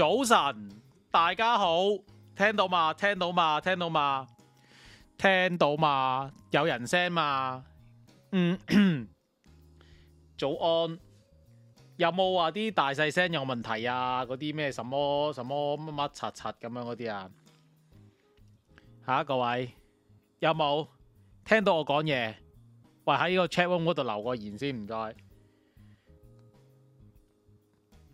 早晨，大家好，聽到嘛？聽到嘛？聽到嘛？聽到嘛？有人聲嘛？嗯，早安，有冇話啲大細聲有問題啊？嗰啲咩什麼什麼乜乜叉叉咁樣嗰啲啊？吓，各位有冇聽到我講嘢？喂，喺呢個 chat room 嗰度留個言先，唔該。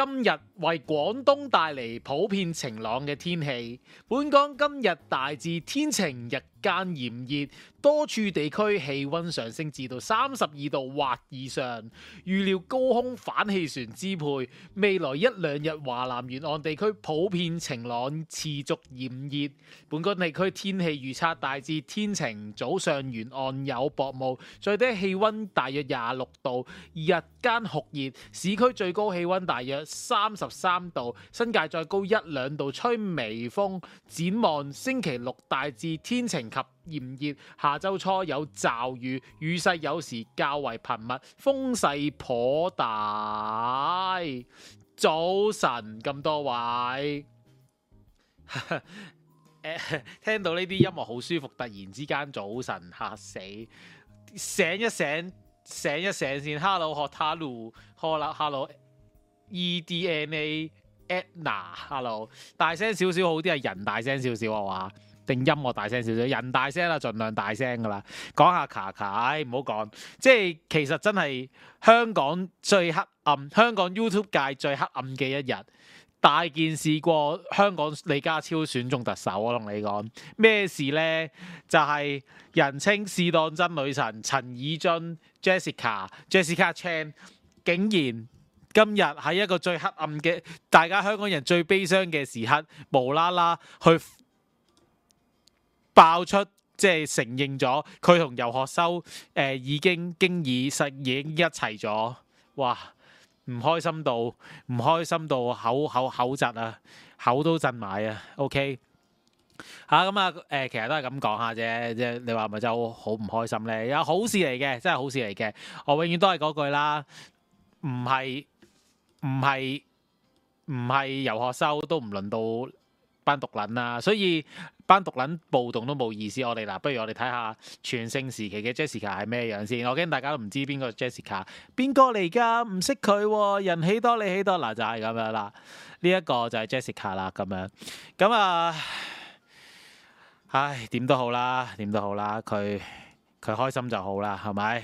今日為廣東帶嚟普遍晴朗嘅天氣，本港今日大致天晴日間炎熱，多處地區氣溫上升至到三十二度或以上。預料高空反氣旋支配，未來一兩日華南沿岸地區普遍晴朗，持續炎熱。本港地區天氣預測大致天晴，早上沿岸有薄霧，最低氣溫大約廿六度，日間酷熱，市區最高氣溫大約三十三度，新界再高一兩度，吹微風。展望星期六大致天晴。及炎熱，下周初有驟雨，雨勢有時較為頻密，風勢頗大。早晨咁多位，誒， 聽到呢啲音樂好舒服。突然之間早晨嚇死，醒一醒，醒一醒先。Hello，Hello，Hello，Hello，EDMA，Edna，Hello，大聲少少好啲啊，人大聲少少啊話。定音樂大聲少少，人大聲啦、啊，儘量大聲噶啦，講下卡卡，唉，唔好講。即係其實真係香港最黑暗，香港 YouTube 界最黑暗嘅一日，大件事過香港李家超選中特首，我同你講咩事呢？就係、是、人稱試當真女神陳以俊 Jessica Jessica Chan，竟然今日喺一個最黑暗嘅，大家香港人最悲傷嘅時刻，無啦啦去。爆出即係承認咗佢同游學修誒、呃、已經經已實已經一齊咗，哇！唔開心到唔開心到口口口窒啊，口都震埋啊。OK，吓咁啊誒，其實都係咁講下啫，即係你話咪就好唔開心咧？有好事嚟嘅，真係好事嚟嘅。我永遠都係嗰句啦，唔係唔係唔係游學修都唔輪到班獨撚啊，所以。班獨撚暴動都冇意思，我哋嗱，不如我哋睇下全盛時期嘅 Jessica 係咩樣先。我驚大家都唔知邊個 Jessica 邊個嚟噶唔識佢、啊、人起多你起多嗱、啊，就係、是、咁樣啦。呢、這、一個就係 Jessica 啦，咁樣咁啊，唉，點都好啦，點都好啦，佢佢開心就好啦，係咪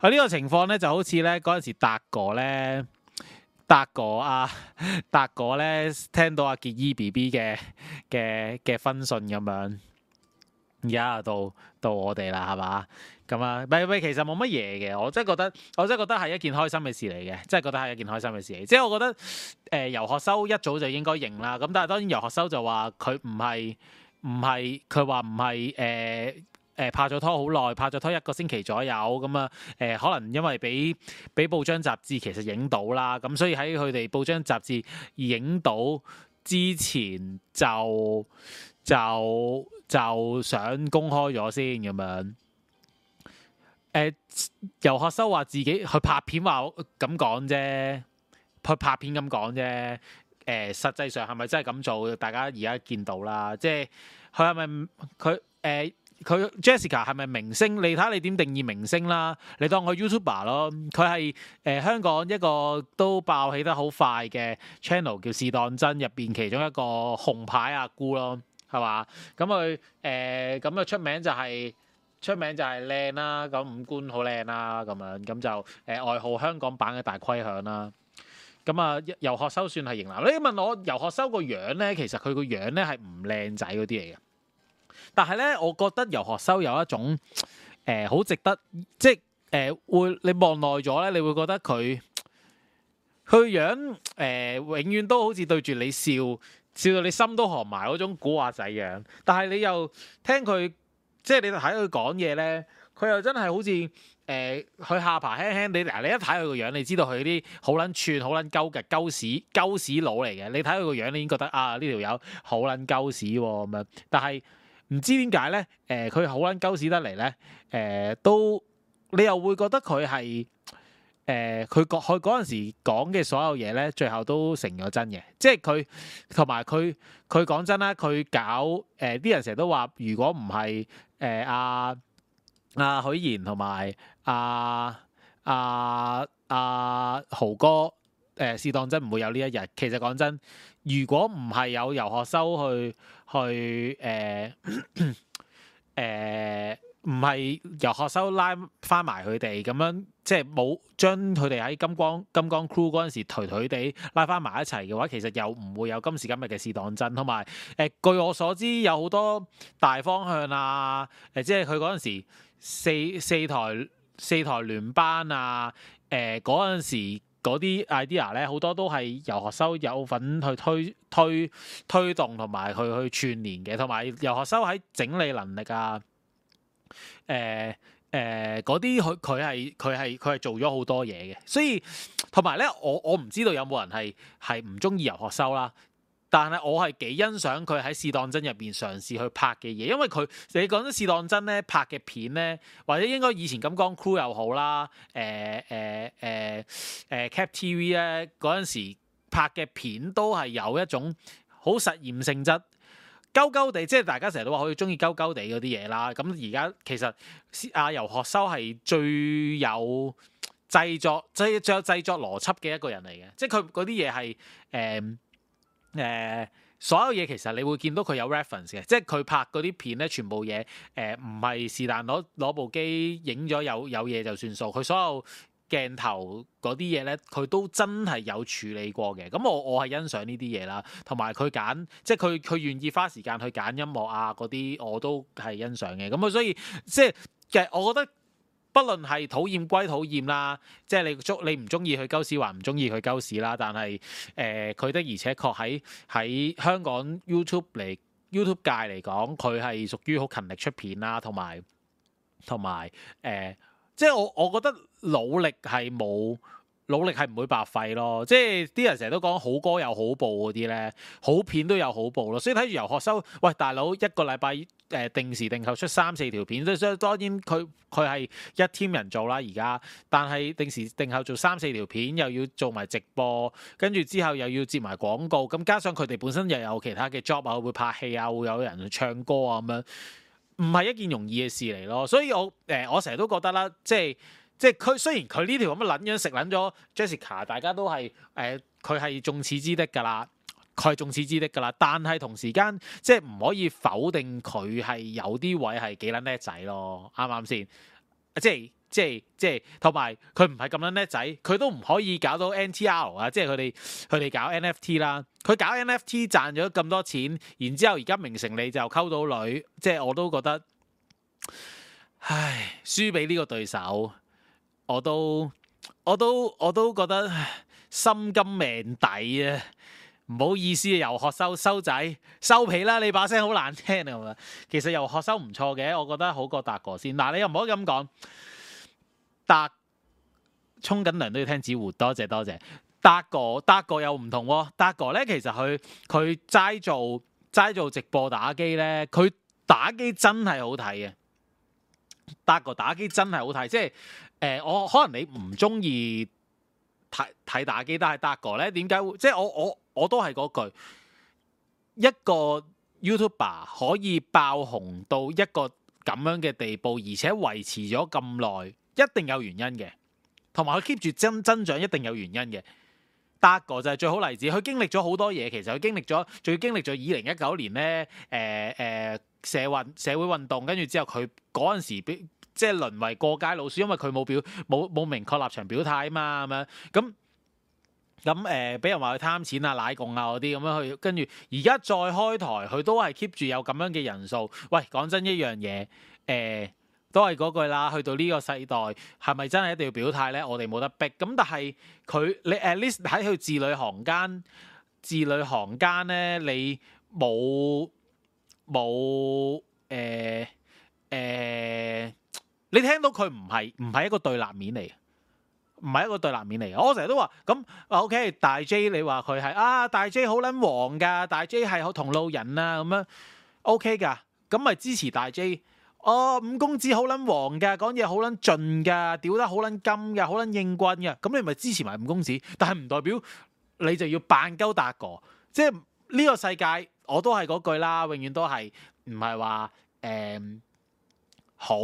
啊？呢、這個情況咧就好似咧嗰陣時達哥咧。達哥啊，達哥咧聽到阿杰伊 B B 嘅嘅嘅分信咁樣，而家到到我哋啦，係嘛咁啊？咪咪其實冇乜嘢嘅，我真係覺得我真係覺得係一件開心嘅事嚟嘅，真係覺得係一件開心嘅事嚟。即係我覺得誒游、呃、學修一早就應該認啦，咁但係當然游學修就話佢唔係唔係佢話唔係誒。誒拍咗拖好耐，拍咗拖一個星期左右咁啊。誒、嗯、可能因為俾俾報章雜誌其實影到啦，咁、嗯、所以喺佢哋報章雜誌影到之前就就就，就想公開咗先咁樣。誒、嗯，游學修話自己去拍片，話咁講啫，去拍片咁講啫。誒、嗯，實際上係咪真係咁做？大家而家見到啦，即係佢係咪佢誒？佢 Jessica 係咪明星？你睇下你點定義明星啦？你當佢 YouTuber 咯？佢係誒香港一個都爆起得好快嘅 channel 叫《試當真》入邊其中一個紅牌阿、啊、姑咯，係嘛？咁佢誒咁嘅出名就係、是、出名就係靚啦，咁五官、嗯嗯呃、好靚啦，咁樣咁就誒外號香港版嘅大槻響啦。咁啊遊學修算係型男，你問我遊學修個樣咧，其實佢個樣咧係唔靚仔嗰啲嚟嘅。但係咧，我覺得遊學修有一種誒，好、呃、值得，即係誒、呃，會你望耐咗咧，你會覺得佢佢樣誒、呃，永遠都好似對住你笑笑到你心都寒埋嗰種古惑仔樣。但係你又聽佢，即係你睇佢講嘢咧，佢又真係好似誒，佢、呃、下巴輕輕地嗱，你一睇佢個樣，你知道佢啲好捻串、好捻鳩嘅鳩屎鳩屎佬嚟嘅。你睇佢個樣，你已經覺得啊，呢條友好捻鳩屎咁樣。但係。唔知點解咧，誒、呃，佢好撚鳩屎得嚟咧，誒、呃，都你又會覺得佢係誒，佢佢嗰陣時講嘅所有嘢咧，最後都成咗真嘅。即係佢同埋佢，佢講真啦，佢搞誒啲、呃、人成日都話，如果唔係誒阿阿許賢同埋阿阿阿豪哥誒，事、呃、當真唔會有呢一日。其實講真，如果唔係有遊學收去。去誒誒唔係由學生拉翻埋佢哋咁樣，即係冇將佢哋喺金剛金剛 crew 嗰陣時頹頹哋拉翻埋一齊嘅話，其實又唔會有今時今日嘅事當真。同埋誒據我所知有好多大方向啊，誒、呃、即係佢嗰陣時四四台四台聯班啊，誒嗰陣時。嗰啲 idea 咧，好多都係游學修有份去推推推動同埋去去串聯嘅，同埋游學修喺整理能力啊，誒誒嗰啲佢佢係佢係佢係做咗好多嘢嘅，所以同埋咧，我我唔知道有冇人係係唔中意游學修啦。但係我係幾欣賞佢喺試當真入邊嘗試去拍嘅嘢，因為佢你講緊試當真咧拍嘅片咧，或者應該以前咁講 Crew 又好啦，誒誒誒誒 Cap TV 咧嗰陣時拍嘅片都係有一種好實驗性質，鳩鳩地，即係大家成日都話可以中意鳩鳩地嗰啲嘢啦。咁而家其實阿游學修係最有製作最最有製作邏輯嘅一個人嚟嘅，即係佢嗰啲嘢係誒。呃誒、呃、所有嘢其實你會見到佢有 reference 嘅，即係佢拍嗰啲片咧，全部嘢誒唔係是但攞攞部機影咗有有嘢就算數，佢所有鏡頭嗰啲嘢咧，佢都真係有處理過嘅。咁我我係欣賞呢啲嘢啦，同埋佢揀即係佢佢願意花時間去揀音樂啊嗰啲，我都係欣賞嘅。咁啊，所以即係其實我覺得。不論係討厭歸討厭啦，即係你中你唔中意佢鳩屎話唔中意佢鳩屎啦，但係誒佢的而且確喺喺香港 YouTube 嚟 YouTube 界嚟講，佢係屬於好勤力出片啦，同埋同埋誒，即係我我覺得努力係冇。努力係唔會白費咯，即係啲人成日都講好歌有好報嗰啲咧，好片都有好報咯。所以睇住游學修，喂大佬一個禮拜誒定時定候出三四條片，所以當然佢佢係一 team 人做啦，而家。但係定時定候做三四條片，又要做埋直播，跟住之後又要接埋廣告，咁加上佢哋本身又有其他嘅 job 啊，會、會拍戲啊，會有人唱歌啊咁樣，唔係一件容易嘅事嚟咯。所以我誒、呃、我成日都覺得啦，即係。即係佢雖然佢呢條咁嘅撚樣食撚咗 Jessica，大家都係誒佢係眾矢之的㗎啦，佢係眾矢之的㗎啦。但係同時間即係唔可以否定佢係有啲位係幾撚叻仔咯，啱啱先？即係即係即係，同埋佢唔係咁撚叻仔，佢都唔可以搞到 NTR 啊！即係佢哋佢哋搞 NFT 啦，佢搞 NFT 賺咗咁多錢，然之後而家明成你就溝到女，即係我都覺得，唉，輸俾呢個對手。我都我都我都覺得心甘命抵啊！唔好意思，游學修修仔收皮啦！你把聲好難聽啊！其實游學修唔錯嘅，我覺得好過達哥先。嗱、啊，你又唔可以咁講，達沖緊涼都要聽子湖，多謝多謝，多謝。達哥達哥又唔同喎、啊，達哥呢，其實佢佢齋做齋做直播打機呢，佢打機真係好睇嘅、啊。達哥打機真係好睇，即係。誒，我、呃、可能你唔中意睇睇打機，但係達哥呢點解會？即係我我我都係嗰句，一個 YouTuber 可以爆紅到一個咁樣嘅地步，而且維持咗咁耐，一定有原因嘅。同埋佢 keep 住增增長，一定有原因嘅。達哥、er、就係最好例子，佢經歷咗好多嘢。其實佢經歷咗，仲要經歷咗二零一九年呢誒誒，社運社會運動，跟住之後佢嗰陣時俾。即係淪為過街老鼠，因為佢冇表冇冇明確立場表態啊嘛，咁樣咁咁誒，俾人話佢貪錢啊、奶共啊嗰啲咁樣去，跟住而家再開台，佢都係 keep 住有咁樣嘅人數。喂，講真一樣嘢，誒都係嗰句啦。去到呢個世代，係咪真係一定要表態呢？我哋冇得逼。咁但係佢你 at least 喺佢字裏行間，字裏行間呢，你冇冇誒誒？你聽到佢唔係唔係一個對立面嚟，唔係一個對立面嚟嘅。我成日都話咁，OK，大 J 你話佢係啊，大 J 好撚黃㗎，大 J 係好同路人啊咁樣，OK 㗎，咁咪支持大 J。哦，五公子好撚黃㗎，講嘢好撚盡㗎，屌得好撚金㗎，好撚應軍㗎，咁你咪支持埋五公子。但係唔代表你就要扮鳩達哥。即係呢個世界我都係嗰句啦，永遠都係唔係話誒好。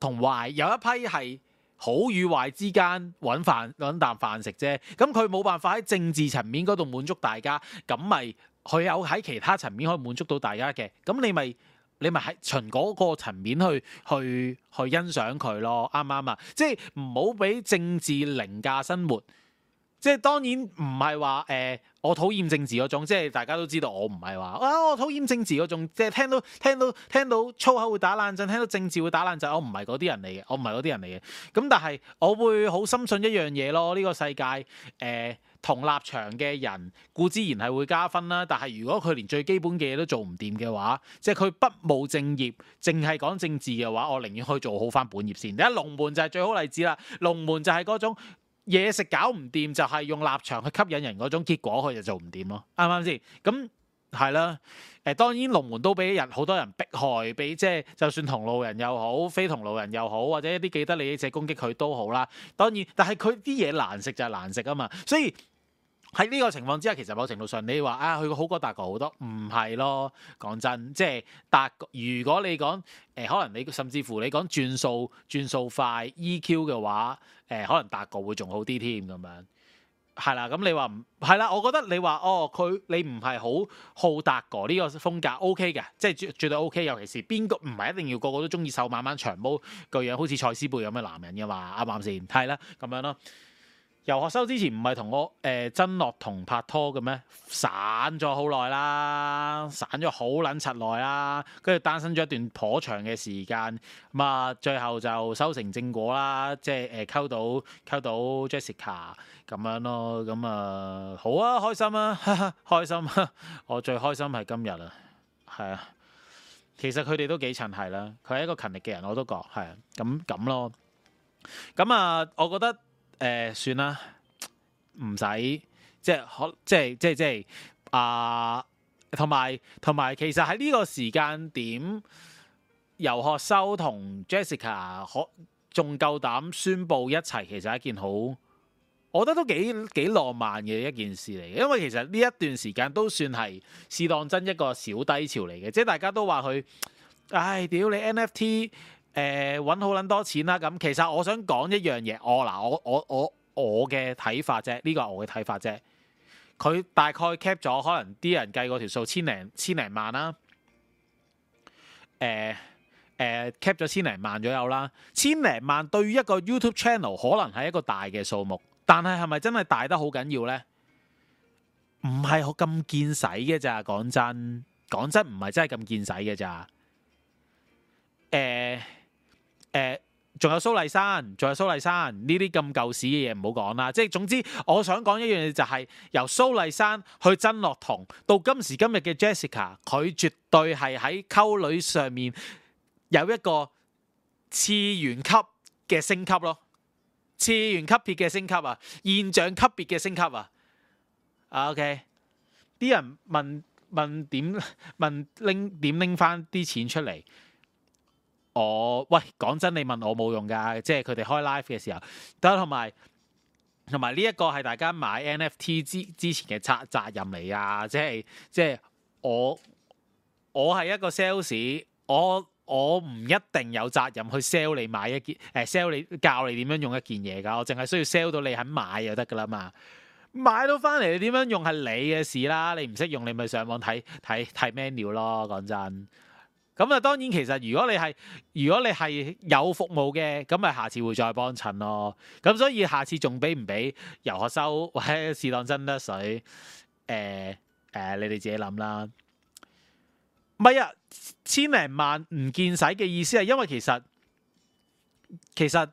同壞有一批係好與壞之間揾飯，揾啖飯食啫，咁佢冇辦法喺政治層面嗰度滿足大家，咁咪佢有喺其他層面可以滿足到大家嘅，咁你咪你咪喺循嗰個層面去去去欣賞佢咯，啱唔啱啊？即係唔好俾政治凌駕生活。即係當然唔係話誒，我討厭政治嗰種。即係大家都知道我，我唔係話啊，我討厭政治嗰種。即係聽到聽到聽到粗口會打冷震，聽到政治會打冷震，我唔係嗰啲人嚟嘅，我唔係嗰啲人嚟嘅。咁但係我會好深信一樣嘢咯，呢、呢個世界誒、呃、同立場嘅人，固之然係會加分啦。但係如果佢連最基本嘅嘢都做唔掂嘅話，即係佢不務正業，淨係講政治嘅話，我寧願可以做好翻本業先。而家龍門就係最好例子啦，龍門就係嗰種。嘢食搞唔掂就係、是、用立場去吸引人嗰種結果，佢就做唔掂咯，啱啱先？咁係啦，誒當然龍門都俾人好多人迫害，俾即係就算同路人又好，非同路人又好，或者一啲既得利益者攻擊佢都好啦。當然，但係佢啲嘢難食就係難食啊嘛，所以。喺呢個情況之下，其實某程度上你話啊，佢好過達哥好多，唔係咯。講真，即係達哥。如果你講誒，可能你甚至乎你講轉數轉數快 EQ 嘅話，誒、呃、可能達哥會仲好啲添咁樣。係啦，咁你話唔係啦？我覺得你話哦，佢你唔係好好達哥呢、這個風格 OK 嘅，即係絕對 OK。尤其是邊個唔係一定要個個都中意瘦慢慢長毛個樣，好似蔡思貝咁嘅男人嘅嘛？啱唔啱先？係啦，咁樣咯。游學修之前唔係同我誒曾樂同拍拖嘅咩？散咗好耐啦，散咗好捻柒耐啦，跟住單身咗一段頗長嘅時間，咁啊最後就修成正果啦，即係誒溝到溝到 Jessica 咁樣咯，咁啊好啊，開心啊，哈哈開心、啊，我最開心係今日啊，係啊，其實佢哋都幾襯係啦，佢係、啊、一個勤力嘅人，我都覺係啊，咁咁咯，咁啊我覺得。誒、呃，算啦，唔使，即係可，即係即係即係，啊、呃，同埋同埋，其實喺呢個時間點，游學修同 Jessica 可仲夠膽宣布一齊，其實係一件好，我覺得都幾幾浪漫嘅一件事嚟，因為其實呢一段時間都算係是當真一個小低潮嚟嘅，即係大家都話佢，唉，屌你 NFT。誒，搵好捻多錢啦！咁其實我想講一樣嘢，哦，我嗱我我我我嘅睇法啫，呢個係我嘅睇法啫。佢大概 cap 咗，可能啲人計嗰條數千零千零萬啦、啊。誒誒，cap 咗千零萬左右啦，千零萬對於一個 YouTube channel 可能係一個大嘅數目，但係係咪真係大得好緊要呢？唔係咁見使嘅咋，講真講真唔係真係咁見使嘅咋。誒。誒，仲、呃、有蘇麗珊，仲有蘇麗珊呢啲咁舊屎嘅嘢唔好講啦。即係總之，我想講一樣嘢就係、是、由蘇麗珊去曾樂彤，到今時今日嘅 Jessica，佢絕對係喺溝女上面有一個次元級嘅升級咯，次元級別嘅升級啊，現象級別嘅升級啊。啊 OK，啲人問問點問拎點拎翻啲錢出嚟？我，喂，講真，你問我冇用噶，即係佢哋開 live 嘅時候，得同埋同埋呢一個係大家買 NFT 之之前嘅責責任嚟啊！即係即係我我係一個 sales，我我唔一定有責任去 sell 你買一件，誒、呃、sell 你教你點樣用一件嘢噶，我淨係需要 sell 到你肯買就得噶啦嘛。買到翻嚟你點樣用係你嘅事啦，你唔識用你咪上網睇睇睇 menu 咯，講真。咁啊，當然其實如果你係如果你係有服務嘅，咁咪下次會再幫襯咯。咁所以下次仲俾唔俾游學修，或者試當真得水？誒、呃、誒、呃，你哋自己諗啦。唔係啊，千零萬唔見使嘅意思係因為其實其實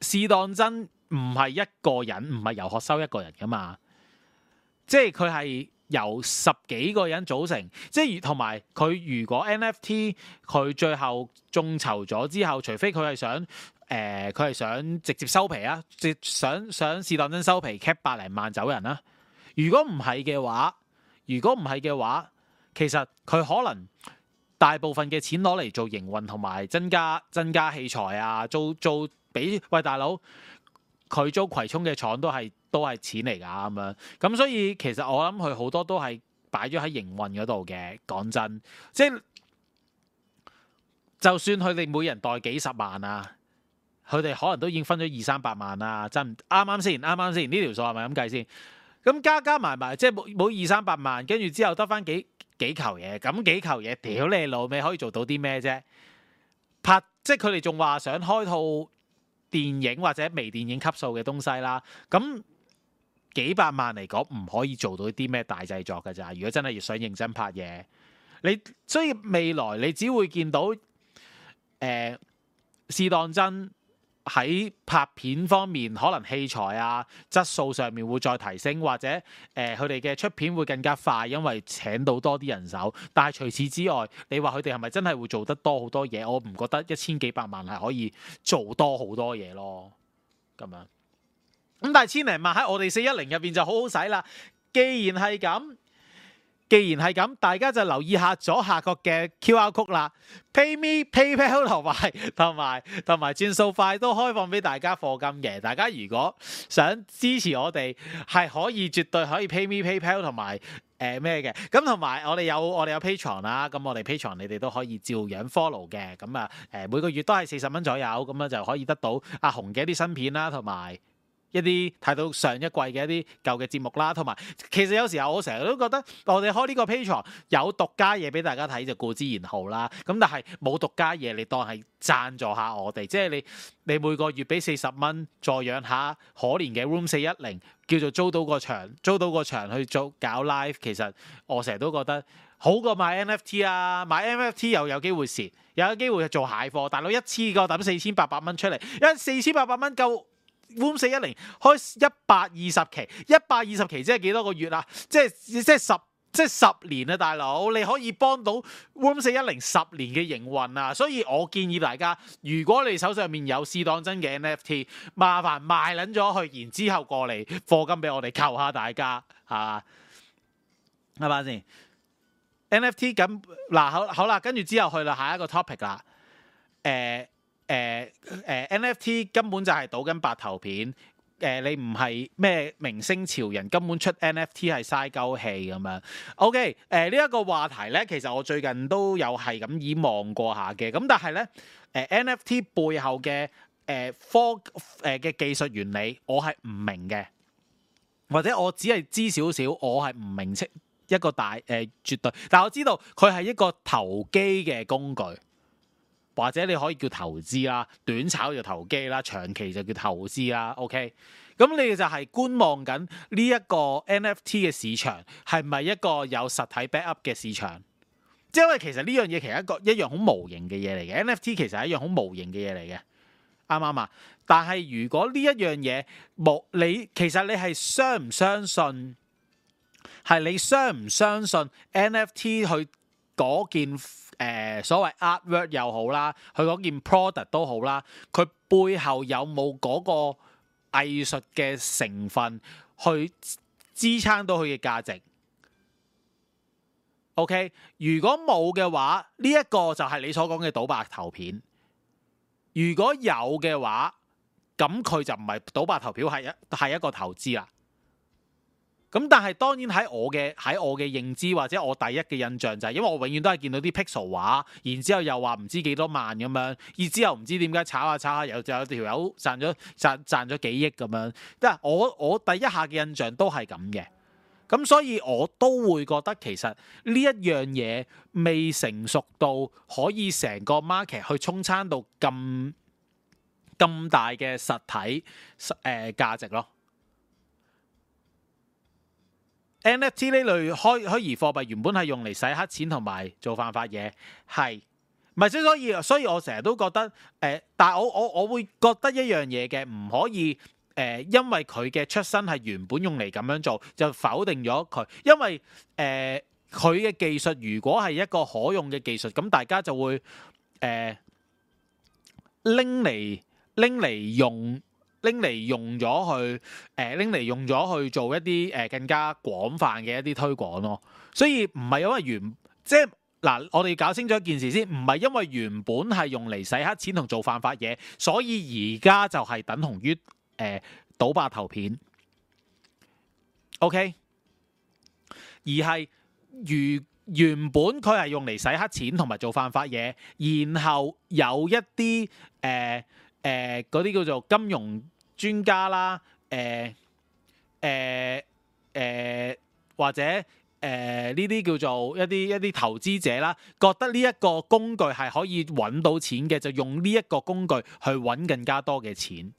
試當真唔係一個人，唔係游學修一個人噶嘛，即係佢係，由十幾個人組成，即係同埋佢如果 NFT 佢最後眾籌咗之後，除非佢係想誒，佢、呃、係想直接收皮啊，想想試當真收皮 cap 百零萬走人啦。如果唔係嘅話，如果唔係嘅話，其實佢可能大部分嘅錢攞嚟做營運同埋增加增加器材啊，做租俾位大佬佢租葵涌嘅廠都係。都係錢嚟噶咁樣，咁、嗯、所以其實我諗佢好多都係擺咗喺營運嗰度嘅。講真，即係就算佢哋每人袋幾十萬啊，佢哋可能都已經分咗二三百萬啊。真唔啱啱先，啱啱先呢條數係咪咁計先？咁加加埋埋，即係冇冇二三百萬，跟住之後得返幾幾球嘢，咁幾球嘢，屌你老味，可以做到啲咩啫？拍即係佢哋仲話想開套電影或者微電影級數嘅東西啦，咁。幾百萬嚟講，唔可以做到啲咩大製作㗎咋？如果真係要想認真拍嘢，你所以未來你只會見到誒，是、呃、當真喺拍片方面可能器材啊質素上面會再提升，或者誒佢哋嘅出片會更加快，因為請到多啲人手。但係除此之外，你話佢哋係咪真係會做得多好多嘢？我唔覺得一千幾百萬係可以做多好多嘢咯，咁樣。咁但係千零萬喺我哋四一零入邊，就好好使啦。既然係咁，既然係咁，大家就留意下左下角嘅 QR code 啦。PayMe pay、PayPal 同埋同埋同埋轉數快都開放俾大家課金嘅。大家如果想支持我哋，係可以絕對可以 PayMe pay、PayPal 同埋誒咩嘅。咁同埋我哋有我哋有 Patreon 啦。咁我哋 Patreon 你哋都可以照樣 follow 嘅。咁啊誒每個月都係四十蚊左右，咁樣就可以得到阿紅嘅一啲新片啦，同埋。一啲睇到上一季嘅一啲舊嘅節目啦，同埋其實有時候我成日都覺得我哋開呢個 Patreon 有獨家嘢俾大家睇就固之然好啦，咁但係冇獨家嘢你當係贊助下我哋，即係你你每個月俾四十蚊再養下可憐嘅 room 四一零，叫做租到個場租到個場去做搞 live，其實我成日都覺得好過買 NFT 啊，買 NFT 又有機會蝕，又有機會做蟹貨，大佬一次過抌四千八百蚊出嚟，因為四千八百蚊夠。w a m 四一零開一百二十期，一百二十期即係幾多個月啊？即係即係十即係十年啊！大佬，你可以幫到 w a m 四一零十年嘅營運啊！所以我建議大家，如果你手上面有試當真嘅 NFT，麻煩賣撚咗去，然之後過嚟貨金俾我哋，求下大家吓，明白先？NFT 咁嗱，好好啦，跟住之後去到下一個 topic 啦，誒、呃。誒、呃呃、NFT 根本就係賭緊白頭片，誒、呃、你唔係咩明星潮人，根本出 NFT 係嘥鳩氣咁樣。OK，誒呢一個話題呢，其實我最近都有係咁以望過下嘅，咁但係呢、呃、NFT 背後嘅、呃、科、呃、技術原理，我係唔明嘅，或者我只係知少少，我係唔明清一個大誒、呃、絕對，但我知道佢係一個投機嘅工具。或者你可以叫投資啦，短炒就投機啦，長期就叫投資啦。OK，咁你就係觀望緊呢一個 NFT 嘅市場係咪一個有實體 backup 嘅市場？即係因為其實呢樣嘢其實一個一樣好無形嘅嘢嚟嘅，NFT 其實係一樣好無形嘅嘢嚟嘅，啱唔啱啊？但係如果呢一樣嘢冇你，其實你係相唔相信係你相唔相信 NFT 去嗰件？誒所謂 artwork 又好啦，佢嗰件 product 都好啦，佢背後有冇嗰個藝術嘅成分去支撐到佢嘅價值？OK，如果冇嘅話，呢、這、一個就係你所講嘅賭白頭片；如果有嘅話，咁佢就唔係賭白頭票，係一係一個投資啦。咁但係當然喺我嘅喺我嘅認知或者我第一嘅印象就係、是、因為我永遠都係見到啲 Pixel 畫，然後之後又話唔知幾多萬咁樣，然之後唔知點解炒下炒下又就有條友賺咗賺賺咗幾億咁樣，即係我我第一下嘅印象都係咁嘅。咁所以我都會覺得其實呢一樣嘢未成熟到可以成個 market 去沖餐到咁咁大嘅實體實誒、呃、價值咯。NFT 呢類嘅虛擬貨幣原本係用嚟洗黑錢同埋做犯法嘢，係，咪所以所以我成日都覺得，誒，但係我我我會覺得一樣嘢嘅，唔可以，誒，因為佢嘅出身係原本用嚟咁樣做，就否定咗佢，因為，誒，佢嘅技術如果係一個可用嘅技術，咁大家就會，誒，拎嚟拎嚟用。拎嚟用咗去，誒拎嚟用咗去做一啲誒、呃、更加廣泛嘅一啲推廣咯。所以唔係因為原即係，嗱，我哋搞清楚一件事先，唔係因為原本係用嚟洗黑錢同做犯法嘢，所以而家就係等同於誒賭霸頭片。OK. 而係如原本佢係用嚟洗黑錢同埋做犯法嘢，然後有一啲誒誒嗰啲叫做金融。專家啦，誒誒誒，或者誒呢啲叫做一啲一啲投資者啦，覺得呢一個工具係可以揾到錢嘅，就用呢一個工具去揾更加多嘅錢。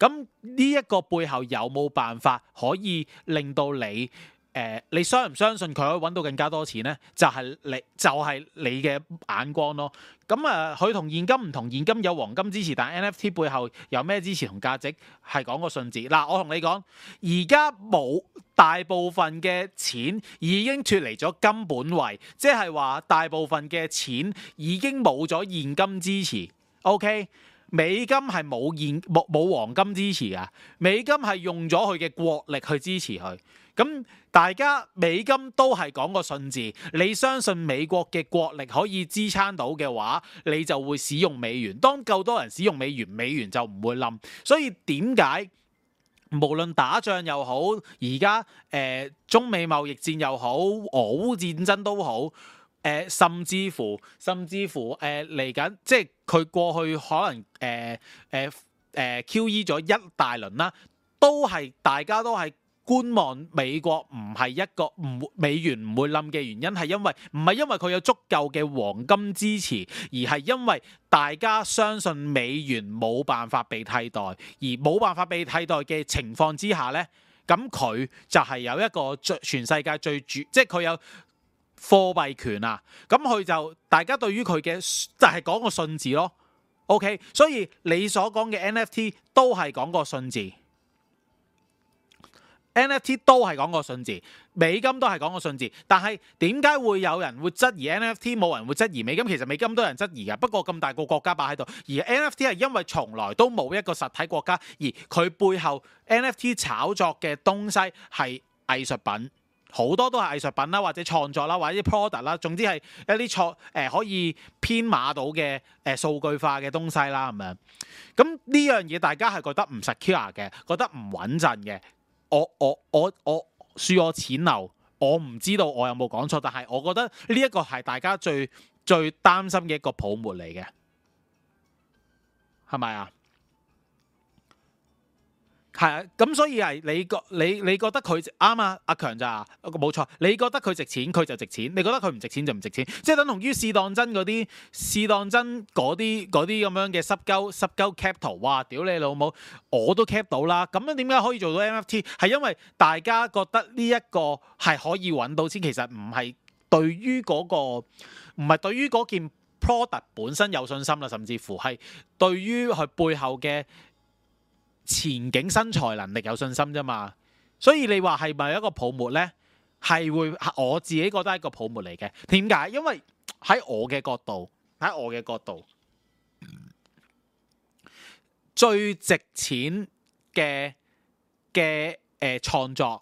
咁呢一個背後有冇辦法可以令到你？誒、呃，你相唔相信佢可以揾到更加多錢呢？就係、是、你，就係、是、你嘅眼光咯。咁、嗯、啊，佢、呃、同現金唔同，現金有黃金支持，但係 NFT 背後有咩支持同價值？係講個信字。嗱，我同你講，而家冇大部分嘅錢已經脫離咗金本位，即係話大部分嘅錢已經冇咗現金支持。OK，美金係冇現、冇、冇黃金支持㗎，美金係用咗佢嘅國力去支持佢。咁大家美金都係講個信字，你相信美國嘅國力可以支撐到嘅話，你就會使用美元。當夠多人使用美元，美元就唔會冧。所以點解無論打仗又好，而家誒中美貿易戰又好，俄、呃、烏戰爭都好，誒、呃、甚至乎甚至乎誒嚟緊，即係佢過去可能誒誒誒 QE 咗一大輪啦，都係大家都係。觀望美國唔係一個唔美元唔會冧嘅原因，係因為唔係因為佢有足夠嘅黃金支持，而係因為大家相信美元冇辦法被替代，而冇辦法被替代嘅情況之下呢，咁佢就係有一個最全世界最主，即係佢有貨幣權啊。咁佢就大家對於佢嘅就係講個信字咯。OK，所以你所講嘅 NFT 都係講個信字。NFT 都係講個信字，美金都係講個信字，但係點解會有人會質疑 NFT？冇人會質疑美金，其實美金都有人質疑噶。不過咁大個國家擺喺度，而 NFT 係因為從來都冇一個實體國家，而佢背後 NFT 炒作嘅東西係藝術品，好多都係藝術品啦，或者創作啦，或者啲 product 啦，總之係一啲創誒可以編碼到嘅誒數據化嘅東西啦咁樣。咁呢樣嘢大家係覺得唔 secure 嘅，覺得唔穩陣嘅。我我我我恕我淺陋，我唔知道我有冇講錯，但係我覺得呢一個係大家最最擔心嘅一個泡沫嚟嘅，係咪啊？係啊，咁所以係你覺你你覺得佢啱啊，阿強咋？冇錯，你覺得佢值錢，佢就值錢；你覺得佢唔值錢就唔值錢，即係等同於試當真嗰啲試當真嗰啲啲咁樣嘅濕鳩濕鳩 cap 圖，哇！屌你老母，我都 cap 到啦。咁樣點解可以做到 NFT？係因為大家覺得呢一個係可以揾到錢，其實唔係對於嗰個唔係對於嗰件 product 本身有信心啦，甚至乎係對於佢背後嘅。前景、身材、能力有信心啫嘛，所以你話係咪一個泡沫呢？係會我自己覺得係一個泡沫嚟嘅。點解？因為喺我嘅角度，喺我嘅角度，最值錢嘅嘅創作，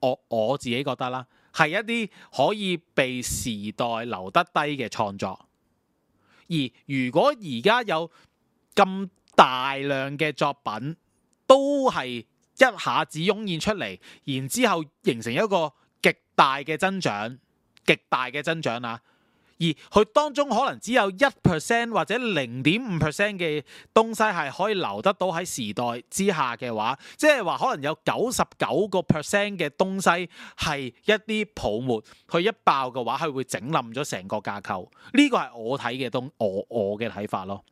我我自己覺得啦，係一啲可以被時代留得低嘅創作。而如果而家有咁，大量嘅作品都係一下子湧現出嚟，然之後形成一個極大嘅增長，極大嘅增長啊，而佢當中可能只有一 percent 或者零點五 percent 嘅東西係可以留得到喺時代之下嘅話，即係話可能有九十九個 percent 嘅東西係一啲泡沫，佢一爆嘅話，係會整冧咗成個架構。呢個係我睇嘅東我我嘅睇法咯。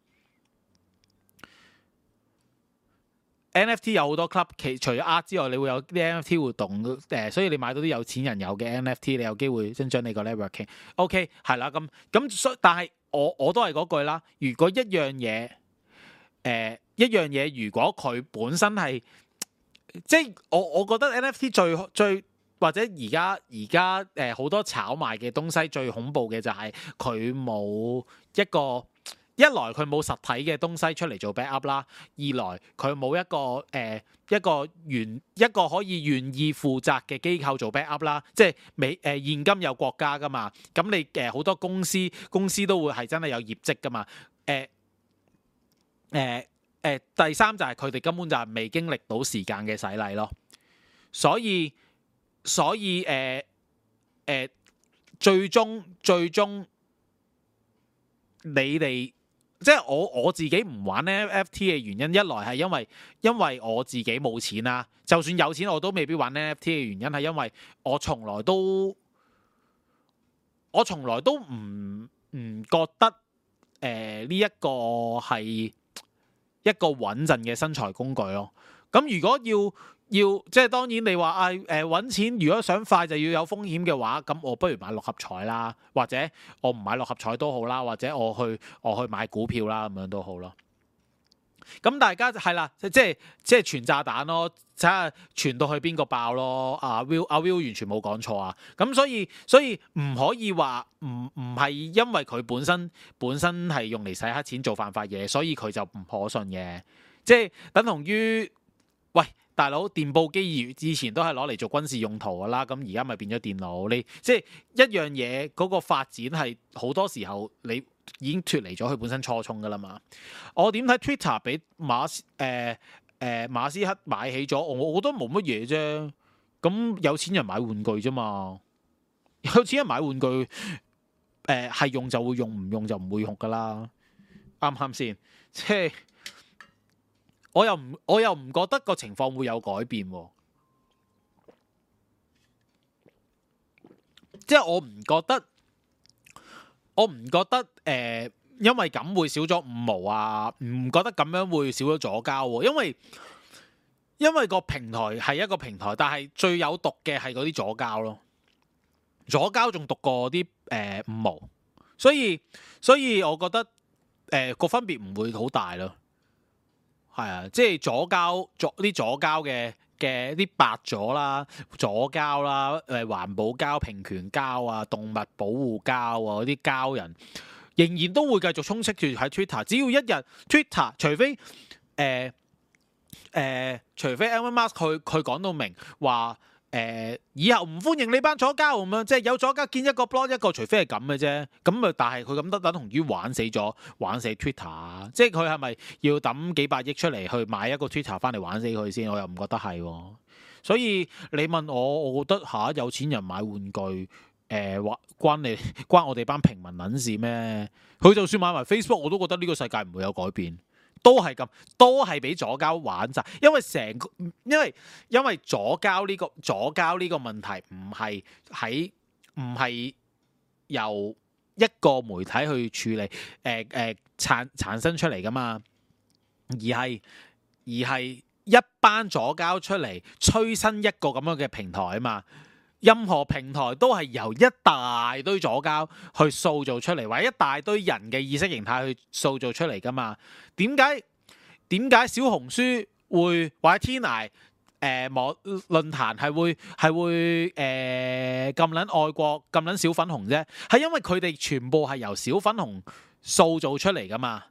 NFT 有好多 club，其除咗 art 之外，你會有啲 NFT 活動，誒，所以你買到啲有錢人有嘅 NFT，你有機會增長你個 level。OK，係啦，咁咁，但係我我都係嗰句啦。如果一樣嘢，誒、呃，一樣嘢，如果佢本身係，即係我我覺得 NFT 最最或者而家而家誒好多炒賣嘅東西最恐怖嘅就係佢冇一個。一來佢冇實體嘅東西出嚟做 backup 啦，二來佢冇一個誒、呃、一個願一個可以願意負責嘅機構做 backup 啦，即係美誒現今有國家㗎嘛，咁你誒好、呃、多公司公司都會係真係有業績㗎嘛，誒誒誒，第三就係佢哋根本就係未經歷到時間嘅洗禮咯，所以所以誒誒、呃呃、最終最終你哋。即係我我自己唔玩 NFT 嘅原因，一來係因為因為我自己冇錢啦，就算有錢我都未必玩 NFT 嘅原因係因為我從來都我從來都唔唔覺得誒呢一個係一個穩陣嘅生財工具咯。咁如果要，要即係，當然你話啊誒，揾錢如果想快就要有風險嘅話，咁我不如買六合彩啦，或者我唔買六合彩都好啦，或者我去我去買股票啦，咁樣都好咯。咁大家係啦，即係即係傳炸彈咯，睇下傳到去邊個爆咯。阿、啊、Will 阿、啊、Will 完全冇講錯啊，咁所以所以唔可以話唔唔係因為佢本身本身係用嚟洗黑錢做犯法嘢，所以佢就唔可信嘅，即係等同於喂。大佬，電報機之前都係攞嚟做軍事用途噶啦，咁而家咪變咗電腦。你即係一樣嘢嗰個發展係好多時候你已經脱離咗佢本身初衷噶啦嘛。我點睇 Twitter 俾馬斯誒誒馬斯克買起咗，我我覺得冇乜嘢啫。咁有錢人買玩具啫嘛，有錢人買玩具誒係用就會用，唔用就唔會用噶啦。啱唔啱先？即係。我又唔我又唔覺得個情況會有改變喎、啊，即係我唔覺得，我唔覺得誒、呃，因為咁會少咗五毛啊，唔覺得咁樣會少咗左膠喎、啊，因為因為個平台係一個平台，但係最有毒嘅係嗰啲左膠咯、啊，左膠仲毒過啲誒五毛，所以所以我覺得誒、呃、個分別唔會好大咯。係啊，即係左膠左啲左膠嘅嘅啲白左啦，左膠啦，誒環保膠、平權膠啊、動物保護膠啊嗰啲膠人，仍然都會繼續充斥住喺 Twitter。只要一日 Twitter，除非誒誒、呃呃，除非 Elon Musk 佢佢講到明話。誒以後唔歡迎你班左膠咁樣，即係有左膠見一個 block 一,一個，除非係咁嘅啫。咁啊，但係佢咁都等同於玩死咗，玩死 Twitter。即係佢係咪要抌幾百億出嚟去買一個 Twitter 翻嚟玩死佢先？我又唔覺得係、哦。所以你問我，我覺得吓有錢人買玩具，誒、呃、或關你關我哋班平民撚事咩？佢就算買埋 Facebook，我都覺得呢個世界唔會有改變。都係咁，都係俾左膠玩咋，因為成個，因為因為左膠呢個左膠呢個問題唔係喺唔係由一個媒體去處理，誒誒產產生出嚟噶嘛，而係而係一班左膠出嚟催生一個咁樣嘅平台啊嘛。任何平台都係由一大堆左膠去塑造出嚟，或者一大堆人嘅意識形態去塑造出嚟㗎嘛。點解？點解小紅書會或者天涯誒網論壇係會係會誒咁撚愛國咁撚小粉紅啫？係因為佢哋全部係由小粉紅塑造出嚟㗎嘛。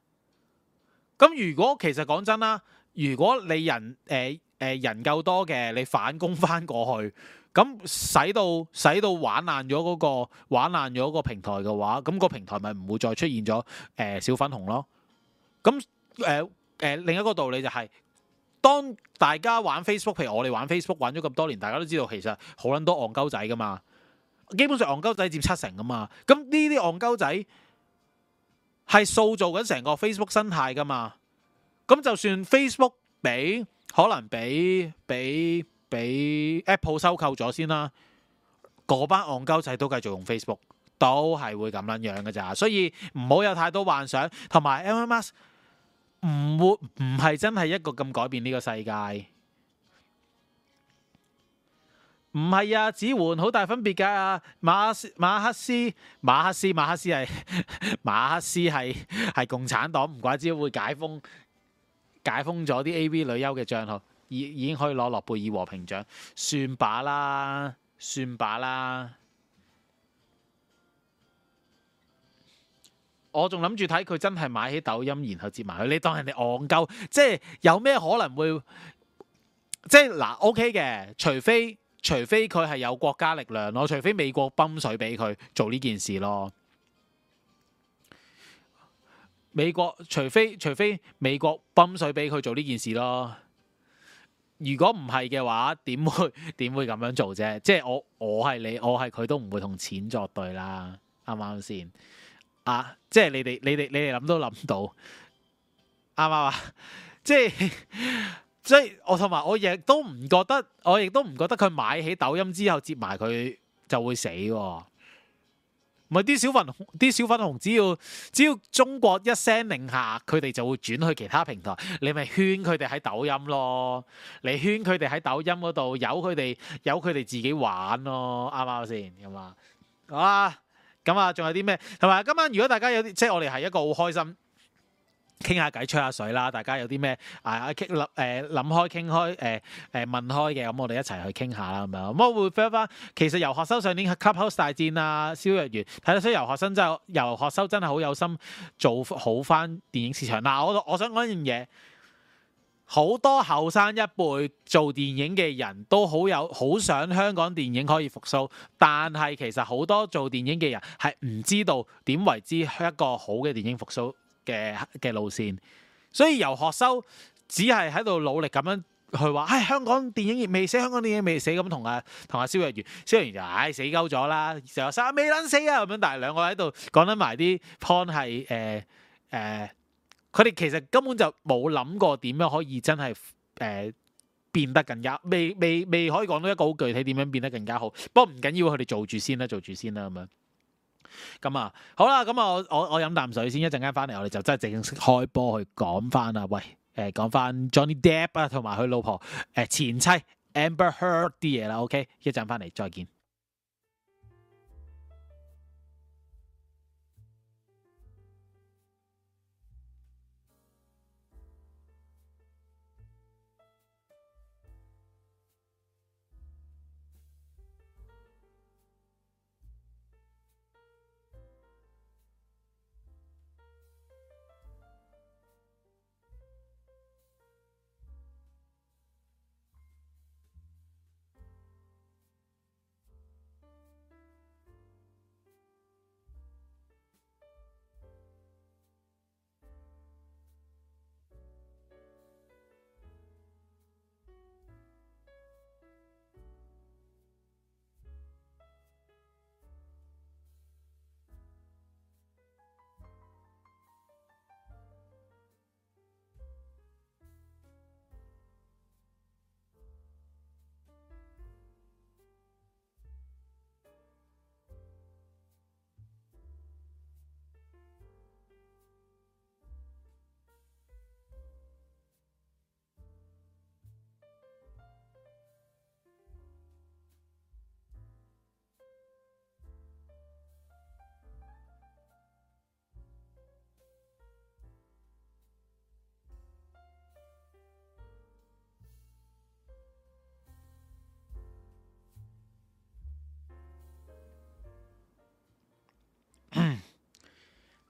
咁如果其實講真啦，如果你人誒誒人夠多嘅，你反攻返過去。咁使到使到玩爛咗嗰個玩爛咗個平台嘅話，咁個平台咪唔會再出現咗誒、呃、小粉紅咯。咁誒誒，另一個道理就係、是，當大家玩 Facebook，譬如我哋玩 Facebook 玩咗咁多年，大家都知道其實好捻多戇鳩仔噶嘛，基本上戇鳩仔佔七成噶嘛。咁呢啲戇鳩仔係塑造緊成個 Facebook 生態噶嘛。咁就算 Facebook 俾，可能俾俾。俾 Apple 收購咗先啦，嗰班戇鳩仔都繼續用 Facebook，都係會咁撚樣嘅咋，所以唔好有太多幻想，同埋 MMS 唔會唔係真係一個咁改變呢個世界，唔係啊，只換好大分別㗎啊，馬馬克思馬克思馬克思係馬克思係係共產黨，唔怪之會解封解封咗啲 AV 女優嘅帳號。已已經可以攞諾貝爾和平獎，算把啦，算把啦。我仲諗住睇佢真係買起抖音，然後接埋佢。你當人哋戇鳩，即係有咩可能會？即係嗱、啊，OK 嘅，除非除非佢係有國家力量咯，除非美國泵水俾佢做呢件事咯。美國除非除非美國泵水俾佢做呢件事咯。如果唔係嘅話，點會點會咁樣做啫？即係我我係你，我係佢都唔會同錢作對啦，啱唔啱先？啊！即係你哋你哋你哋諗都諗到，啱唔啱呀？即係所以，我同埋我亦都唔覺得，我亦都唔覺得佢買起抖音之後接埋佢就會死喎。唔係啲小粉紅，啲小粉紅只要只要中國一聲令下，佢哋就會轉去其他平台。你咪圈佢哋喺抖音咯，你圈佢哋喺抖音度，由佢哋由佢哋自己玩咯，啱唔啱先？咁啊，好啊，咁啊，仲有啲咩？咁啊，今晚如果大家有啲，即係我哋係一個好開心。傾下偈吹下水啦，大家有啲咩啊？阿傾諗誒諗開傾開誒誒問開嘅，咁我哋一齊去傾下啦咁樣。咁我會翻翻，其實遊學生上年 Clubhouse 大戰啊，消弱完蕭若元睇到，所以遊學生真係遊學真係好有心做好翻電影市場。嗱，我我想講一樣嘢，好多後生一輩做電影嘅人都好有好想香港電影可以復甦，但係其實好多做電影嘅人係唔知道點為之一個好嘅電影復甦，嘅嘅路線，所以游學修只係喺度努力咁樣去話，唉、哎、香港電影業未死，香港電影未死，咁同阿同啊蕭若元，蕭若元就唉、哎、死鳩咗啦，就話三未撚死啊咁樣，但係兩個喺度講緊埋啲 point 係誒誒，佢哋、呃呃、其實根本就冇諗過點樣可以真係誒、呃、變得更加未未未可以講到一個好具體點樣變得更加好，不過唔緊要，佢哋做住先啦，先做住先啦咁樣。咁啊，好啦，咁啊，我我我飲啖水先，一陣間翻嚟，我哋就真係正式開波去講翻啊。喂，誒、呃，講翻 Johnny Depp 啊，同埋佢老婆誒、呃、前妻 Amber Heard 啲嘢啦。OK，一陣翻嚟再見。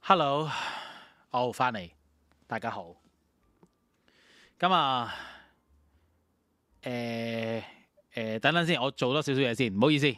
Hello，我翻嚟，大家好。咁啊，誒、呃、誒、呃，等等先，我做多少少嘢先，唔好意思。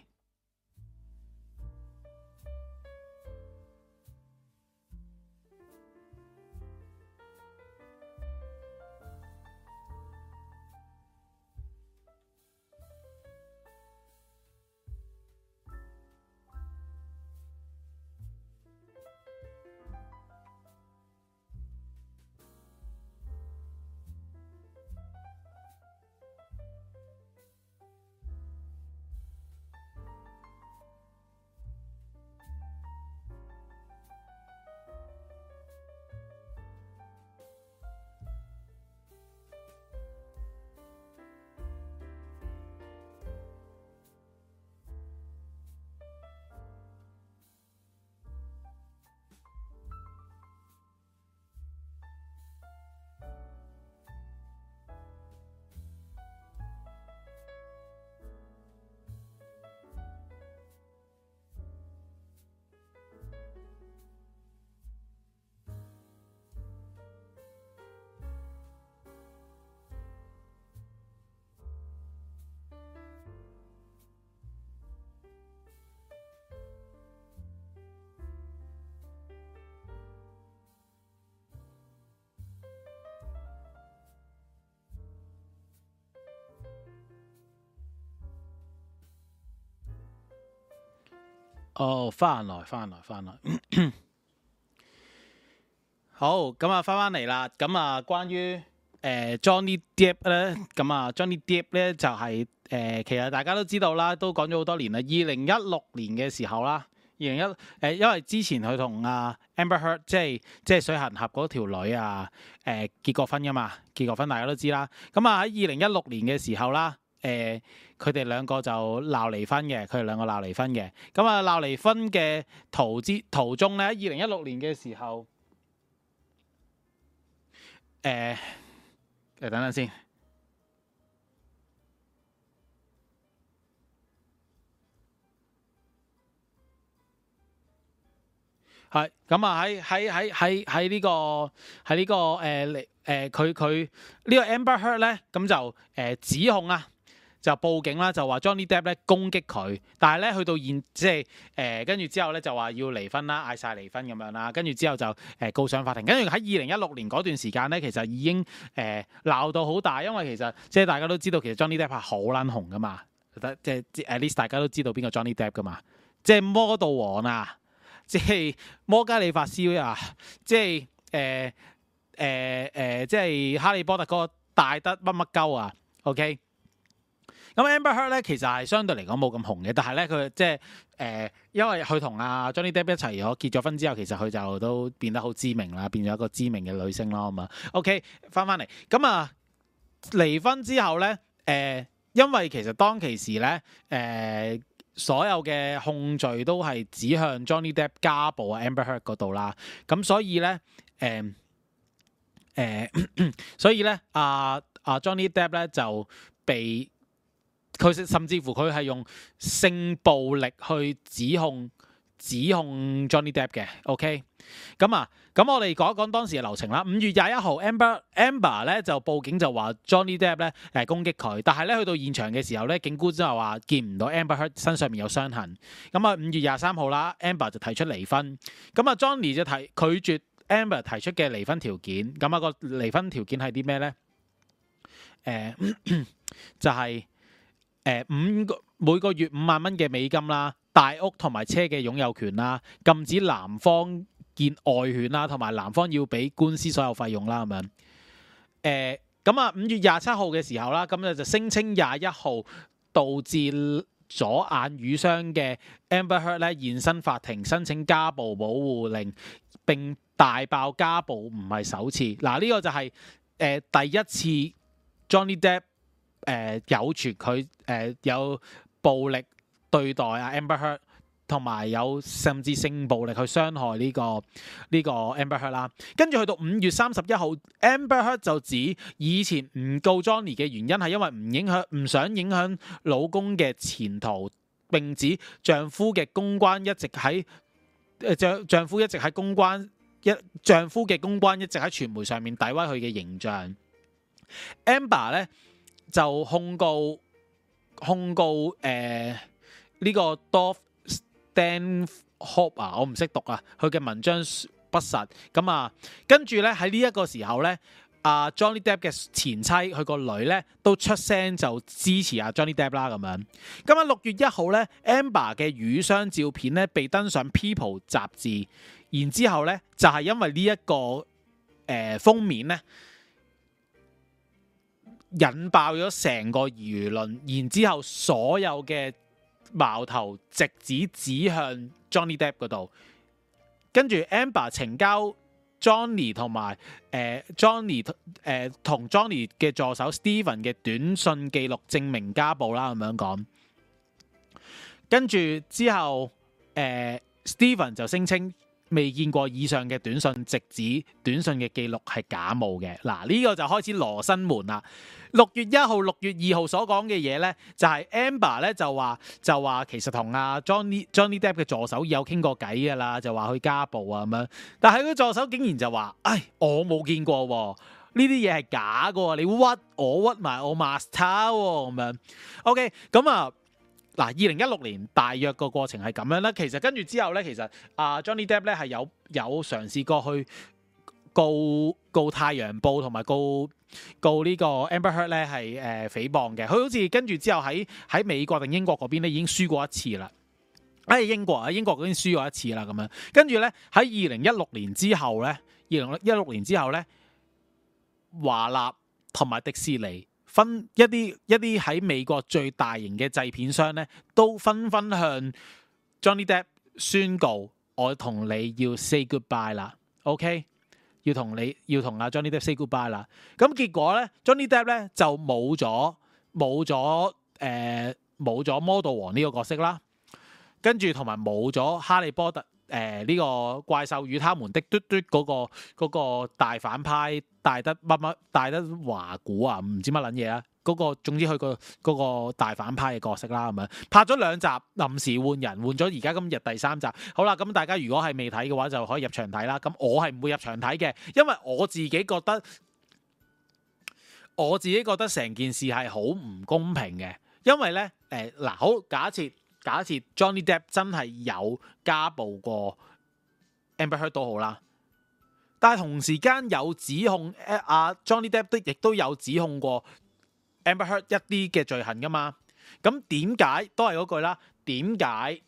哦，翻來翻來翻來，來來 好咁、呃、啊，翻翻嚟啦。咁、就、啊、是，關於誒，Johnny Depp 咧，咁啊，Johnny Depp 咧就係誒，其實大家都知道啦，都講咗好多年啦。二零一六年嘅時候啦，二零一誒，因為之前佢同啊 Amber Heard 即係即係水行俠嗰條女啊，誒、就是就是啊、結過婚噶嘛，結過婚大家都知啦。咁啊喺二零一六年嘅時候啦。誒，佢哋兩個就鬧離婚嘅。佢哋兩個鬧離婚嘅，咁啊，鬧離婚嘅途之途中咧，二零一六年嘅時候，誒誒，等等先係咁啊。喺喺喺喺喺呢個喺呢個誒誒，佢佢呢個 Amber Heard 咧，咁就誒指控啊。就報警啦，就話 Johnny Depp 咧攻擊佢，但係咧去到現即係誒，跟、呃、住之後咧就話要離婚啦，嗌晒離婚咁樣啦，跟住之後就誒告上法庭。跟住喺二零一六年嗰段時間咧，其實已經誒鬧、呃、到好大，因為其實即係大家都知道，其實 Johnny Depp 係好撚紅噶嘛，即係 at least 大家都知道邊個 Johnny Depp 噶嘛，即係魔盜王啊，即係魔加莉法師啊，即係誒誒誒，即係哈利波特嗰個大得乜乜鳩啊，OK。咁 Amber Heard 咧，其實係相對嚟講冇咁紅嘅，但係咧佢即係誒，因為佢同阿 Johnny Depp 一齊咗結咗婚之後，其實佢就都變得好知名啦，變咗一個知名嘅女星咯，咁、okay，啊。OK，返返嚟，咁啊離婚之後咧，誒、呃，因為其實當其時咧，誒、呃，所有嘅控罪都係指向 Johnny Depp 家暴啊，Amber Heard 嗰度啦，咁所以咧，誒、呃、誒、呃， 所以咧，阿、啊、阿、啊、Johnny Depp 咧就被。佢甚至乎佢係用性暴力去指控指控 Johnny Depp 嘅，OK？咁啊，咁我哋講一講當時嘅流程啦。五月廿一號，Amber Amber 咧就報警就話 Johnny Depp 咧誒攻擊佢，但係咧去到現場嘅時候咧，警官就話見唔到 Amber 身上面有傷痕。咁啊，五月廿三號啦，Amber 就提出離婚，咁啊 Johnny 就提拒絕 Amber 提出嘅離婚條件。咁啊個離婚條件係啲咩咧？誒， 就係。誒五個每個月五萬蚊嘅美金啦，大屋同埋車嘅擁有權啦，禁止男方見外犬啦，同埋男方要俾官司所有費用啦咁樣。誒咁啊，五月廿七號嘅時候啦，咁咧就聲稱廿一號導致左眼瘀傷嘅 Amber Heard 咧現身法庭申請家暴保護令，並大爆家暴唔係首次。嗱、這、呢個就係、是、誒、呃、第一次 Johnny Depp。誒、呃、有傳佢誒、呃、有暴力對待阿、啊、Amber Heard 同埋有，有甚至性暴力去傷害呢、這個呢、這個 Amber Heard 啦。跟住去到五月三十一號，Amber Heard 就指以前唔告 Johnny 嘅原因係因為唔影響唔想影響老公嘅前途，並指丈夫嘅公關一直喺誒丈丈夫一直喺公關一丈夫嘅公關一直喺傳媒上面詆毀佢嘅形象。Amber 咧。就控告控告誒呢、呃這個 Doug Stanhope 啊，我唔識讀啊，佢嘅文章不實咁、嗯、啊，跟住咧喺呢一個時候咧，阿、啊、Johnny Depp 嘅前妻佢個女咧都出聲就支持阿、啊、Johnny Depp 啦咁樣。咁、嗯、啊，六月一號咧 Amber 嘅驗傷照片咧被登上 People 雜誌，然之後咧就係、是、因為呢、這、一個誒、呃、封面咧。引爆咗成個輿論，然之後所有嘅矛頭直指指向 Johnny Depp 度，跟住 Amber 成交 Johnny、呃、Johnny、呃、同埋誒 Johnny 誒同 Johnny 嘅助手 Steven 嘅短信記錄證明家暴啦。咁樣講。跟住之後誒、呃、Steven 就聲稱。未見過以上嘅短信，直指短信嘅記錄係假冒嘅，嗱，呢個就開始羅生門啦。六月一號、六月二號所講嘅嘢呢，就係 Amber 咧就話就話其實同阿 Johnny Johnny Depp 嘅助手有傾過偈㗎啦，就話去家暴啊咁樣，但係佢助手竟然就話，唉，我冇見過喎，呢啲嘢係假嘅喎，你屈我屈埋我 Master 喎咁樣。OK，咁啊。嗱，二零一六年大約個過程係咁樣啦。其實跟住之後咧，其實阿 Johnny Depp 咧係有有嘗試過去告告《太陽報》同埋告告呢個 Amber Heard 咧係誒誹謗嘅。佢好似跟住之後喺喺美國定英國嗰邊咧已經輸過一次啦。喺英國啊，英國已經輸過一次啦咁樣。跟住咧喺二零一六年之後咧，二零一六年之後咧，華納同埋迪士尼。分一啲一啲喺美國最大型嘅製片商咧，都紛紛向 Johnny Depp 宣告：我同你要 say goodbye 啦，OK？要同你要同阿 Johnny Depp say goodbye 啦。咁結果咧，Johnny Depp 咧就冇咗冇咗誒冇咗 Model 王呢個角色啦，跟住同埋冇咗哈利波特。誒，呢、呃呢個怪獸與他們的嘟嘟嗰、嗰個、嗰個大反派，大得乜乜，大得華古啊，唔知乜捻嘢啊，嗰、嗰個總之佢個、嗰個大反派嘅角色啦，咁樣拍咗兩集，臨時換人，換咗而家今日第三集，好啦，咁大家如果係未睇嘅話，就可以入場睇啦。咁我係唔會入場睇嘅，因為我自己覺得，我自己覺得成件事係好唔公平嘅，因為咧，誒，嗱，好，假設。假設 Johnny Depp 真係有家暴過 Amber Heard 都好啦，但係同時間有指控阿 Johnny Depp 亦都有指控過 Amber Heard 一啲嘅罪行㗎嘛。咁點解都係嗰句啦，點解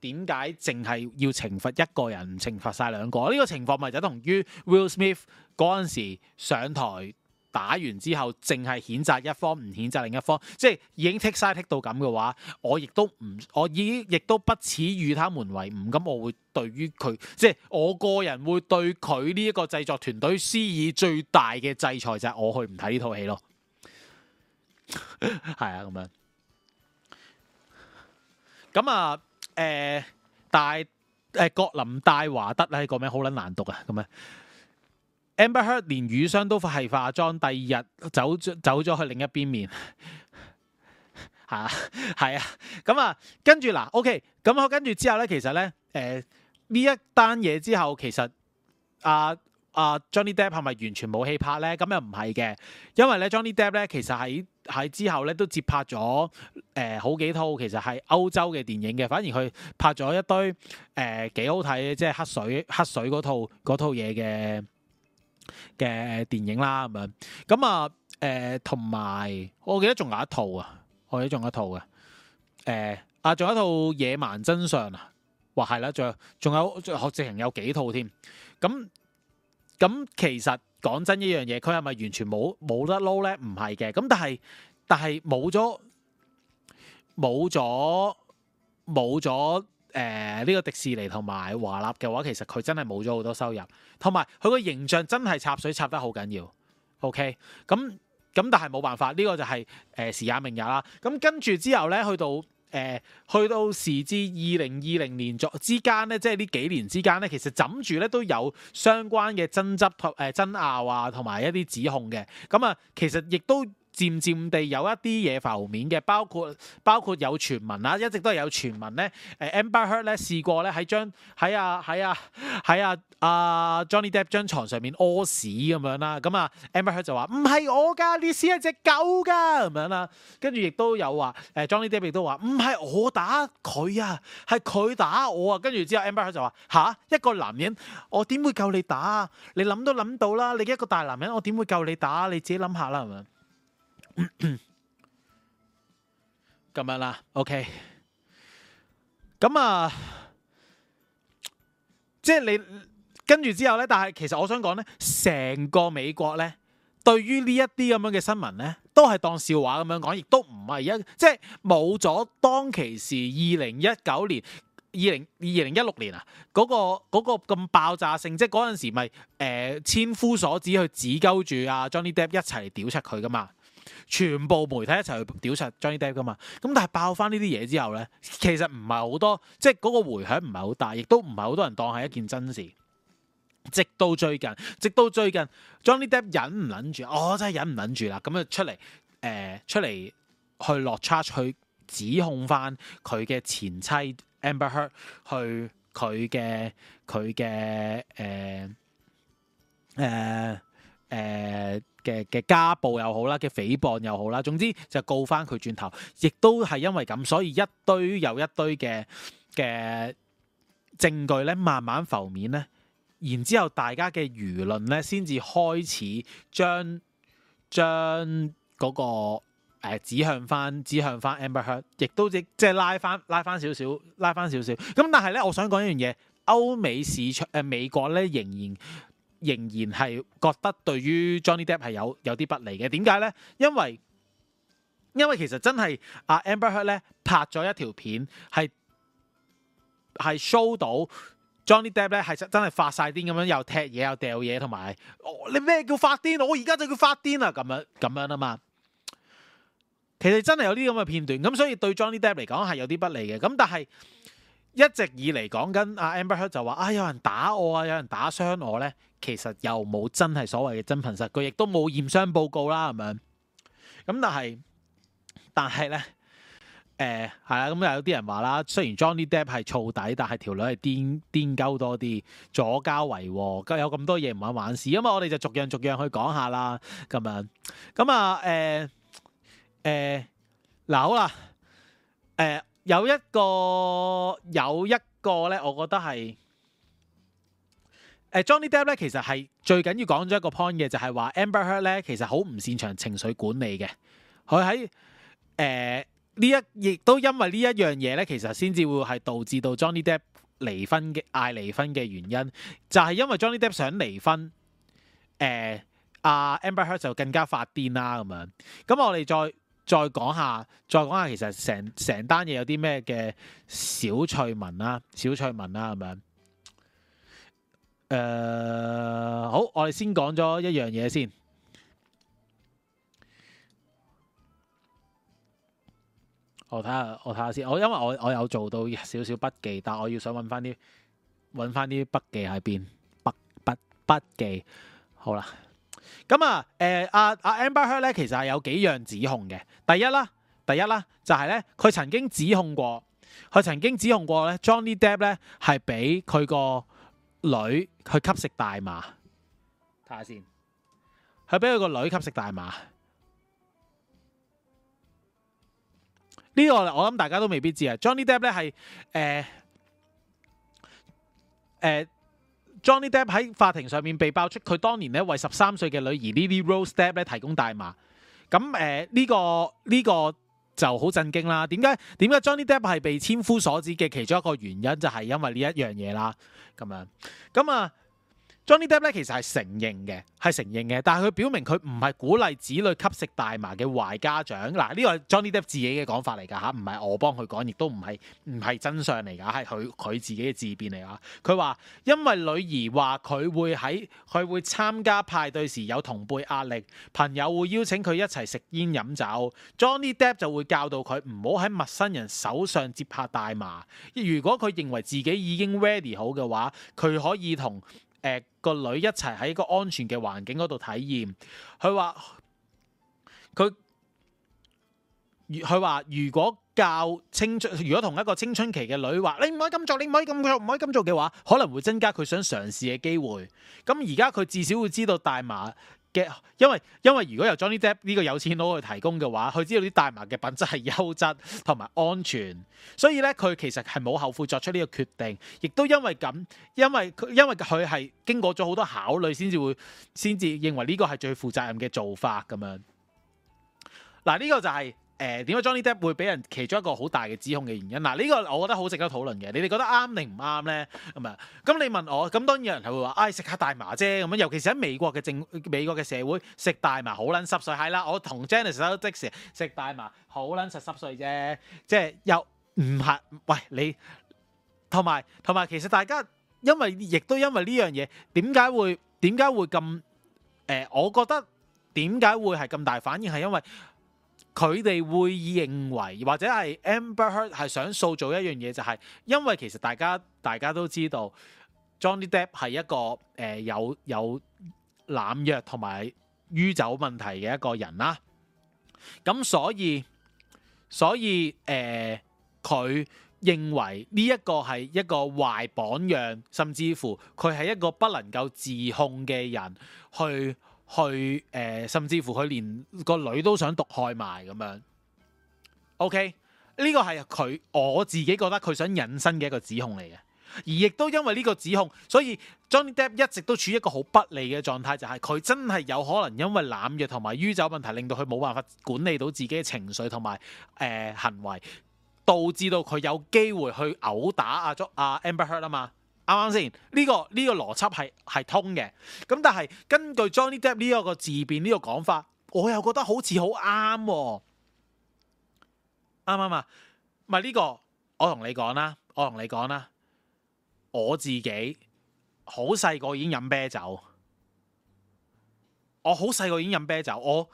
點解淨係要懲罰一個人，唔懲罰曬兩個？呢、呢個情況咪就同於 Will Smith 嗰陣時上台。打完之後，淨係譴責一方，唔譴責另一方，即係已經剔晒剔到咁嘅話，我亦都唔，我已經亦都不齒與他們為伍。咁我會對於佢，即係我個人會對佢呢一個製作團隊施以最大嘅制裁，就係我去唔睇呢套戲咯。係 啊，咁樣。咁啊，誒、呃、大誒郭、呃、林大華德咧、嗰個名好撚難讀啊，咁樣。Amber Heard 連瘀傷都係化妝，第二日走走咗去另一邊面。吓，係啊，咁 啊，跟住嗱，OK，咁啊，跟住之後咧，其實咧，誒、呃、呢一單嘢之後，其實阿阿、啊啊、Johnny Depp 係咪完全冇戲拍咧？咁又唔係嘅，因為咧 Johnny Depp 咧，其實喺喺之後咧都接拍咗誒、呃、好幾套，其實係歐洲嘅電影嘅，反而佢拍咗一堆誒幾、呃、好睇，即係黑水黑水嗰套嗰套嘢嘅。嘅電影啦咁樣，咁啊，誒，同埋，我記得仲有一套啊，我記得仲有一套嘅，誒，啊，仲有一套《野蠻真相》啊，哇，係啦，仲有，仲有，學智行有幾套添，咁，咁其實講真呢樣嘢，佢係咪完全冇冇得撈咧？唔係嘅，咁但係，但係冇咗，冇咗，冇咗。誒呢、呃這個迪士尼同埋華納嘅話，其實佢真係冇咗好多收入，同埋佢個形象真係插水插得好緊要。OK，咁咁但係冇辦法，呢、這個就係、是、誒、呃、時也命也啦。咁跟住之後呢，去到誒、呃、去到時至二零二零年左右之間呢，即係呢幾年之間呢，其實枕住呢都有相關嘅爭執誒、呃、爭拗啊，同埋一啲指控嘅。咁、嗯、啊，其實亦都。漸漸地有一啲嘢浮面嘅，包括包括有傳聞啦，一直都係有傳聞咧。誒，Amber Heard 咧試過咧喺張喺啊喺啊喺啊啊、呃、Johnny Depp 張牀上面屙屎咁樣啦，咁啊 Amber Heard 就話唔係我㗎，你屎係隻狗㗎，咁樣啦。跟住亦都有話，誒、呃、Johnny Depp 亦都話唔係我打佢啊，係佢打我啊。跟住之後，後 Amber Heard 就話吓，啊，一個男人，我點會夠你打？你諗都諗到啦，你一個大男人，我點會夠你打？你自己諗下啦，係咪？咁 樣啦，OK。咁啊，即係你跟住之後咧，但係其實我想講咧，成個美國咧，對於呢一啲咁樣嘅新聞咧，都係當笑話咁樣講，亦都唔係一即係冇咗當其時二零一九年、二零二零一六年啊，嗰、嗰個、嗰個咁爆炸性，即係嗰陣時咪誒、呃、千夫所指去指鳩住啊，Johnny Depp 一齊嚟屌出佢噶嘛全部媒體一齊去屌殺 Johnny Depp 㗎嘛？咁但係爆翻呢啲嘢之後咧，其實唔係好多，即係嗰個迴響唔係好大，亦都唔係好多人當係一件真事。直到最近，直到最近，Johnny Depp 忍唔撚住，我、哦、真係忍唔撚住啦！咁啊出嚟，誒、呃、出嚟去落 charge 去指控翻佢嘅前妻 Amber Heard 去佢嘅佢嘅誒誒誒。嘅嘅家暴又好啦，嘅誹謗又好啦，總之就告翻佢轉頭，亦都係因為咁，所以一堆又一堆嘅嘅證據咧，慢慢浮面咧，然之後大家嘅輿論咧，先至開始將將嗰個，呃，指向翻指向翻 Amber Heard，亦都即即係拉翻拉翻少少，拉翻少少。咁但係咧，我想講一樣嘢，歐美市場，呃，美國咧仍然。仍然係覺得對於 Johnny Depp 係有有啲不利嘅，點解呢？因為因為其實真係阿 Amber Heard 咧拍咗一條片，係係 show 到 Johnny Depp 咧係真真係發曬癲咁樣，又踢嘢又掉嘢，同埋、哦、你咩叫發癲？我而家就叫發癲啊！咁樣咁樣啊嘛，其實真係有啲咁嘅片段，咁所以對 Johnny Depp 嚟講係有啲不利嘅。咁但係。一直以嚟講緊阿 Amber Heard 就話啊、哎、有人打我啊，有人打傷我咧，其實又冇真係所謂嘅真憑實據，亦都冇驗傷報告啦咁樣。咁但係但係咧，誒係啦，咁有啲人話啦，雖然 Johnny Depp 係燥底，但係條女係癲癲鳩多啲，左交為和，有咁多嘢唔肯玩事，咁嘛，我哋就逐樣逐樣去講下啦，咁樣咁啊誒誒嗱好啦，誒、呃。有一個有一個咧，我覺得係誒 Johnny Depp 咧，其實係最緊要講咗一個 point 嘅，就係話 Amber Heard 咧，其實好唔擅長情緒管理嘅。佢喺誒呢一，亦都因為呢一樣嘢咧，其實先至會係導致到 Johnny Depp 離婚嘅嗌離婚嘅原因，就係因為 Johnny Depp 想離婚，誒阿 Amber Heard 就更加發癲啦咁樣。咁我哋再。再講下，再講下，其實成成單嘢有啲咩嘅小趣聞啦、啊、小趣聞啦、啊，咁樣。誒、uh，好，我哋先講咗一樣嘢先。我睇下，我睇下先。我因為我我有做到少少筆記，但我要想揾翻啲翻啲筆記喺邊，筆筆筆記，好啦。咁啊，誒、啊，阿阿 Amber Heard 咧，其實係有幾樣指控嘅。第一啦，第一啦，就係、是、咧，佢曾經指控過，佢曾經指控過咧，Johnny Depp 咧係俾佢個女去吸食大麻。睇下先，佢俾佢個女吸食大麻。呢、這個我諗大家都未必知啊。Johnny Depp 咧係誒誒。Johnny Depp 喺法庭上面被爆出佢當年咧為十三歲嘅女兒 Lily Rose Depp 咧提供大麻。咁誒呢個呢、這個就好震驚啦。點解，點解 Johnny Depp 係被千夫所指嘅其中一個原因就係因為呢一樣嘢啦，咁樣咁啊。呃 Johnny Depp 咧，其實係承認嘅，係承認嘅，但係佢表明佢唔係鼓勵子女吸食大麻嘅壞家長。嗱，呢個係 Johnny Depp 自己嘅講法嚟㗎，吓，唔係我幫佢講，亦都唔係唔係真相嚟㗎，係佢佢自己嘅自辯嚟㗎。佢話因為女兒話佢會喺佢會參加派對時有同輩壓力，朋友會邀請佢一齊食煙飲酒，Johnny Depp 就會教導佢唔好喺陌生人手上接下大麻。如果佢認為自己已經 ready 好嘅話，佢可以同。誒、呃，個女一齊喺個安全嘅環境嗰度體驗，佢話佢，佢話如果教青春，如果同一個青春期嘅女話，你唔可以咁做，你唔可以咁做，唔可以咁做嘅話，可能會增加佢想嘗試嘅機會。咁而家佢至少會知道大麻。因為因為如果由 Johnny Depp 呢個有錢佬去提供嘅話，佢知道啲大麻嘅品質係優質同埋安全，所以咧佢其實係冇後悔作出呢個決定，亦都因為咁，因為佢因為佢係經過咗好多考慮先至會先至認為呢個係最負責任嘅做法咁樣。嗱，呢個就係、是。誒，點解 Johnny Depp 會俾人其中一個好大嘅指控嘅原因？嗱，呢個我覺得好值得討論嘅。你哋覺得啱定唔啱咧？咁啊，咁你問我，咁當然有人係會話，唉，食下大麻啫咁樣。尤其是喺美國嘅政美國嘅社會，食大麻好撚濕碎。係啦，我同 Janice 都即時食大麻，好撚濕濕碎啫。即係又唔係？喂，你同埋同埋，其實大家因為亦都因為呢樣嘢，點解會點解會咁？誒，我覺得點解會係咁大反應，係因為。佢哋會認為，或者係 Amber Heard 係想塑造一樣嘢，就係、是、因為其實大家大家都知道，Johnny Depp 係一個誒、呃、有有濫藥同埋酗酒問題嘅一個人啦。咁所以所以誒，佢、呃、認為呢一個係一個壞榜樣，甚至乎佢係一個不能夠自控嘅人去。去誒、呃，甚至乎佢連個女都想毒害埋咁樣。OK，呢個係佢我自己覺得佢想引申嘅一個指控嚟嘅，而亦都因為呢個指控，所以 Johnny Depp 一直都處於一個好不利嘅狀態，就係、是、佢真係有可能因為濫藥同埋酗酒問題，令到佢冇辦法管理到自己嘅情緒同埋誒、行為，導致到佢有機會去毆打阿 Jo 啊 Amber Heard 吖嘛。啱啱先？呢個呢個邏輯係係通嘅。咁但係根據 Johnny Depp 呢一個自辯呢個講法，我又覺得好似好啱喎。啱啱啊？唔係呢個，我同你講啦，我同你講啦。我自己好細個已經飲啤酒。我好細個已經飲啤酒。我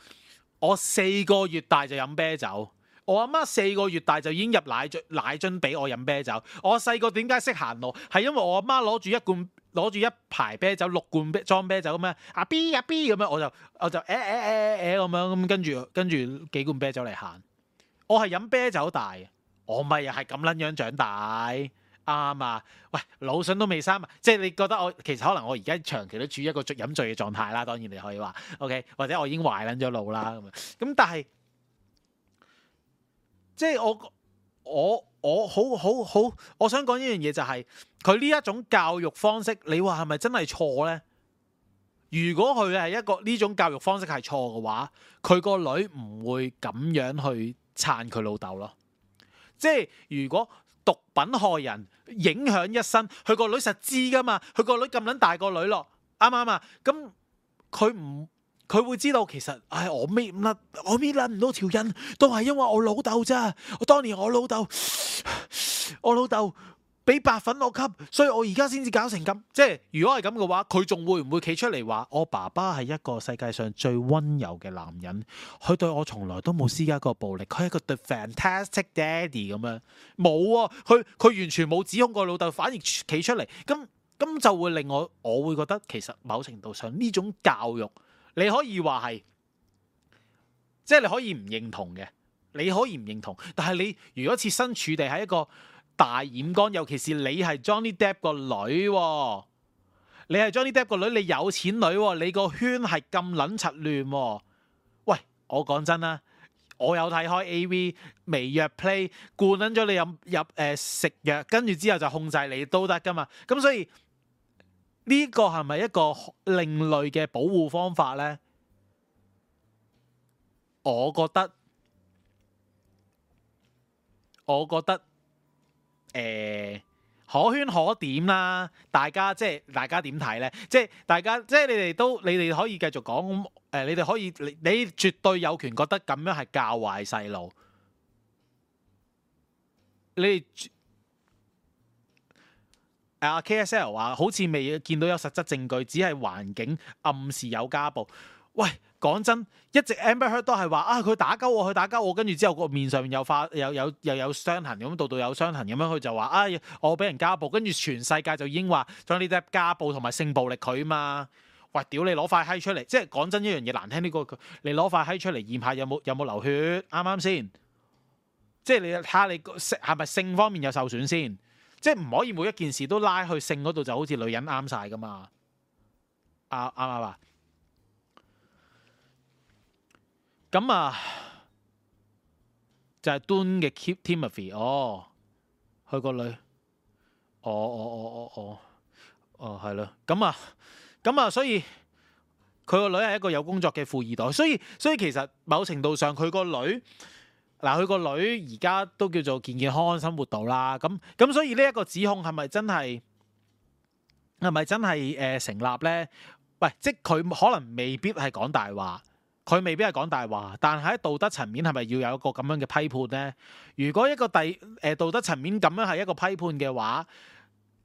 我四個月大就飲啤酒。我阿媽四個月大就已經入奶樽，奶樽俾我飲啤酒。我細個點解識行路？係因為我阿媽攞住一罐，攞住一排啤酒，六罐裝啤酒咁樣。阿 B 阿 B 咁樣，我就我就誒誒誒誒咁樣，咁跟住跟住幾罐啤酒嚟行。我係飲啤酒大，我咪又係咁撚樣長大，啱啊！喂，腦筍都未生啊！即係你覺得我其實可能我而家長期都處於一個飲醉嘅狀態啦。當然你可以話 OK，或者我已經壞撚咗腦啦咁啊。咁但係。即係我我我好好好，我想講一樣嘢就係佢呢一種教育方式，你話係咪真係錯呢？如果佢係一個呢種教育方式係錯嘅話，佢個女唔會咁樣去撐佢老豆咯。即係如果毒品害人影響一生，佢個女實知噶嘛，佢個女咁撚大個女咯，啱唔啱啊？咁佢唔。佢會知道其實唉我搣唔甩，我搣甩唔到條印，都係因為我老豆咋？我當年我老豆，我老豆俾白粉我吸，所以我而家先至搞成咁。即係如果係咁嘅話，佢仲會唔會企出嚟話 我爸爸係一個世界上最溫柔嘅男人？佢對我從來都冇施加過暴力，佢係一個、The、fantastic daddy 咁樣。冇啊，佢佢完全冇指控過老豆，反而企出嚟，咁咁就會令我我會覺得，其實某程度上呢種教育。你可以話係，即、就、係、是、你可以唔認同嘅，你可以唔認同。但係你如果設身處地係一個大染缸，尤其是你係 Johnny Depp 個女，你係 Johnny Depp 個女，你有錢女，你個圈係咁撚柒亂。喂，我講真啦，我有睇開 AV 迷藥 play，灌撚咗你飲入誒、呃、食藥，跟住之後就控制你都得噶嘛。咁所以。呢個係咪一個另類嘅保護方法呢？我覺得，我覺得，誒、呃，可圈可點啦！大家即係大家點睇呢？即係大家即係你哋都，你哋可以繼續講。咁誒、呃，你哋可以你，你絕對有權覺得咁樣係教壞細路。你。阿 KSL 話好似未見到有實質證據，只係環境暗示有家暴。喂，講真，一直 Amber Heard 都係話啊，佢打交我，佢打交我，跟住之後個面上面有化，有有又有傷痕咁，度度有傷痕咁樣，佢就話啊，我俾人家暴，跟住全世界就已經話將呢啲家暴同埋性暴力佢嘛？喂，屌你攞塊閪出嚟！即係講真一樣嘢難聽，呢個你攞塊閪出嚟驗下有冇有冇流血？啱啱先？即係你睇下你性係咪性方面有受損先？即係唔可以每一件事都拉去性嗰度，就好似女人啱晒㗎嘛？啱啱啱啊？咁啊，就係端嘅 Keep Timothy 哦，佢個女，哦哦哦哦哦，哦係咯，咁、哦哦哦哦、啊，咁啊，所以佢個女係一個有工作嘅富二代，所以所以其實某程度上佢個女。嗱，佢個女而家都叫做健健康康生活到啦，咁咁，所以呢一個指控係咪真係係咪真係誒、呃、成立呢？喂，即佢可能未必係講大話，佢未必係講大話，但喺道德層面係咪要有一個咁樣嘅批判呢？如果一個第誒、呃、道德層面咁樣係一個批判嘅話，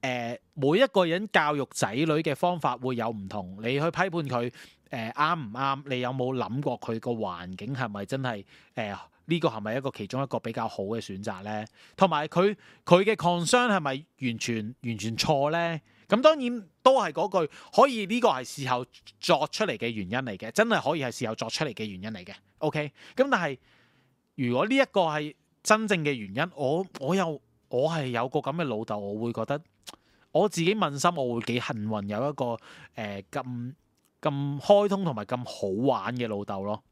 誒、呃、每一個人教育仔女嘅方法會有唔同，你去批判佢誒啱唔啱？你有冇諗過佢個環境係咪真係誒？呃呢個係咪一個其中一個比較好嘅選擇呢？同埋佢佢嘅 concern 係咪完全完全錯呢？咁當然都係嗰句，可以呢、呢個係事後作出嚟嘅原因嚟嘅，真係可以係事後作出嚟嘅原因嚟嘅。OK，咁但係如果呢一個係真正嘅原因，我我又我係有個咁嘅老豆，我會覺得我自己問心，我會幾幸運有一個誒咁咁開通同埋咁好玩嘅老豆咯。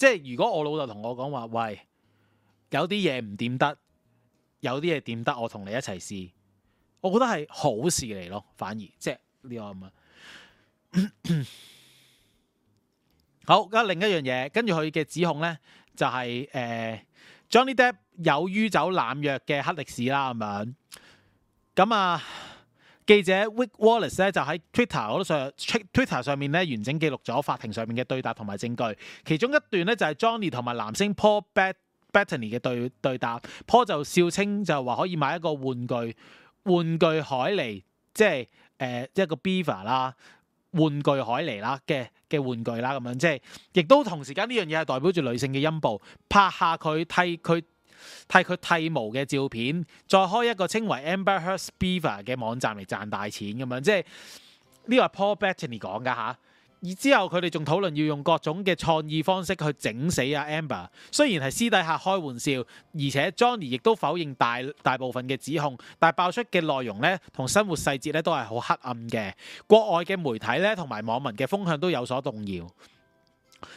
即係如果我老豆同我講話，喂，有啲嘢唔掂得，有啲嘢掂得，我同你一齊試，我覺得係好事嚟咯，反而即係呢個咁樣。 好，咁另一樣嘢，跟住佢嘅指控呢、就是，就係誒，Johnny Depp 有於走濫藥嘅黑歷史啦，咁樣咁啊。記者 Wick Wallace 咧，就喺 Twitter 上 Twitter 上面咧，完整記錄咗法庭上面嘅對答同埋證據，其中一段咧，就係 Johnny 同埋男星 Paul Bettany 嘅對對答，Paul 就笑稱就話可以買一個玩具玩具海狸，即係誒一個 Beaver 啦，玩具海狸啦嘅嘅玩具啦咁樣，即係亦都同時間呢樣嘢係代表住女性嘅陰部拍下佢替佢。替佢剃毛嘅照片，再開一個稱為 Amber Heard's Beaver 嘅網站嚟賺大錢咁樣，即係呢個係 Paul Bettany 講噶吓。之後佢哋仲討論要用各種嘅創意方式去整死阿 Amber，雖然係私底下開玩笑，而且 Johnny 亦都否認大大部分嘅指控，但係爆出嘅內容咧同生活細節咧都係好黑暗嘅。國外嘅媒體咧同埋網民嘅風向都有所動搖。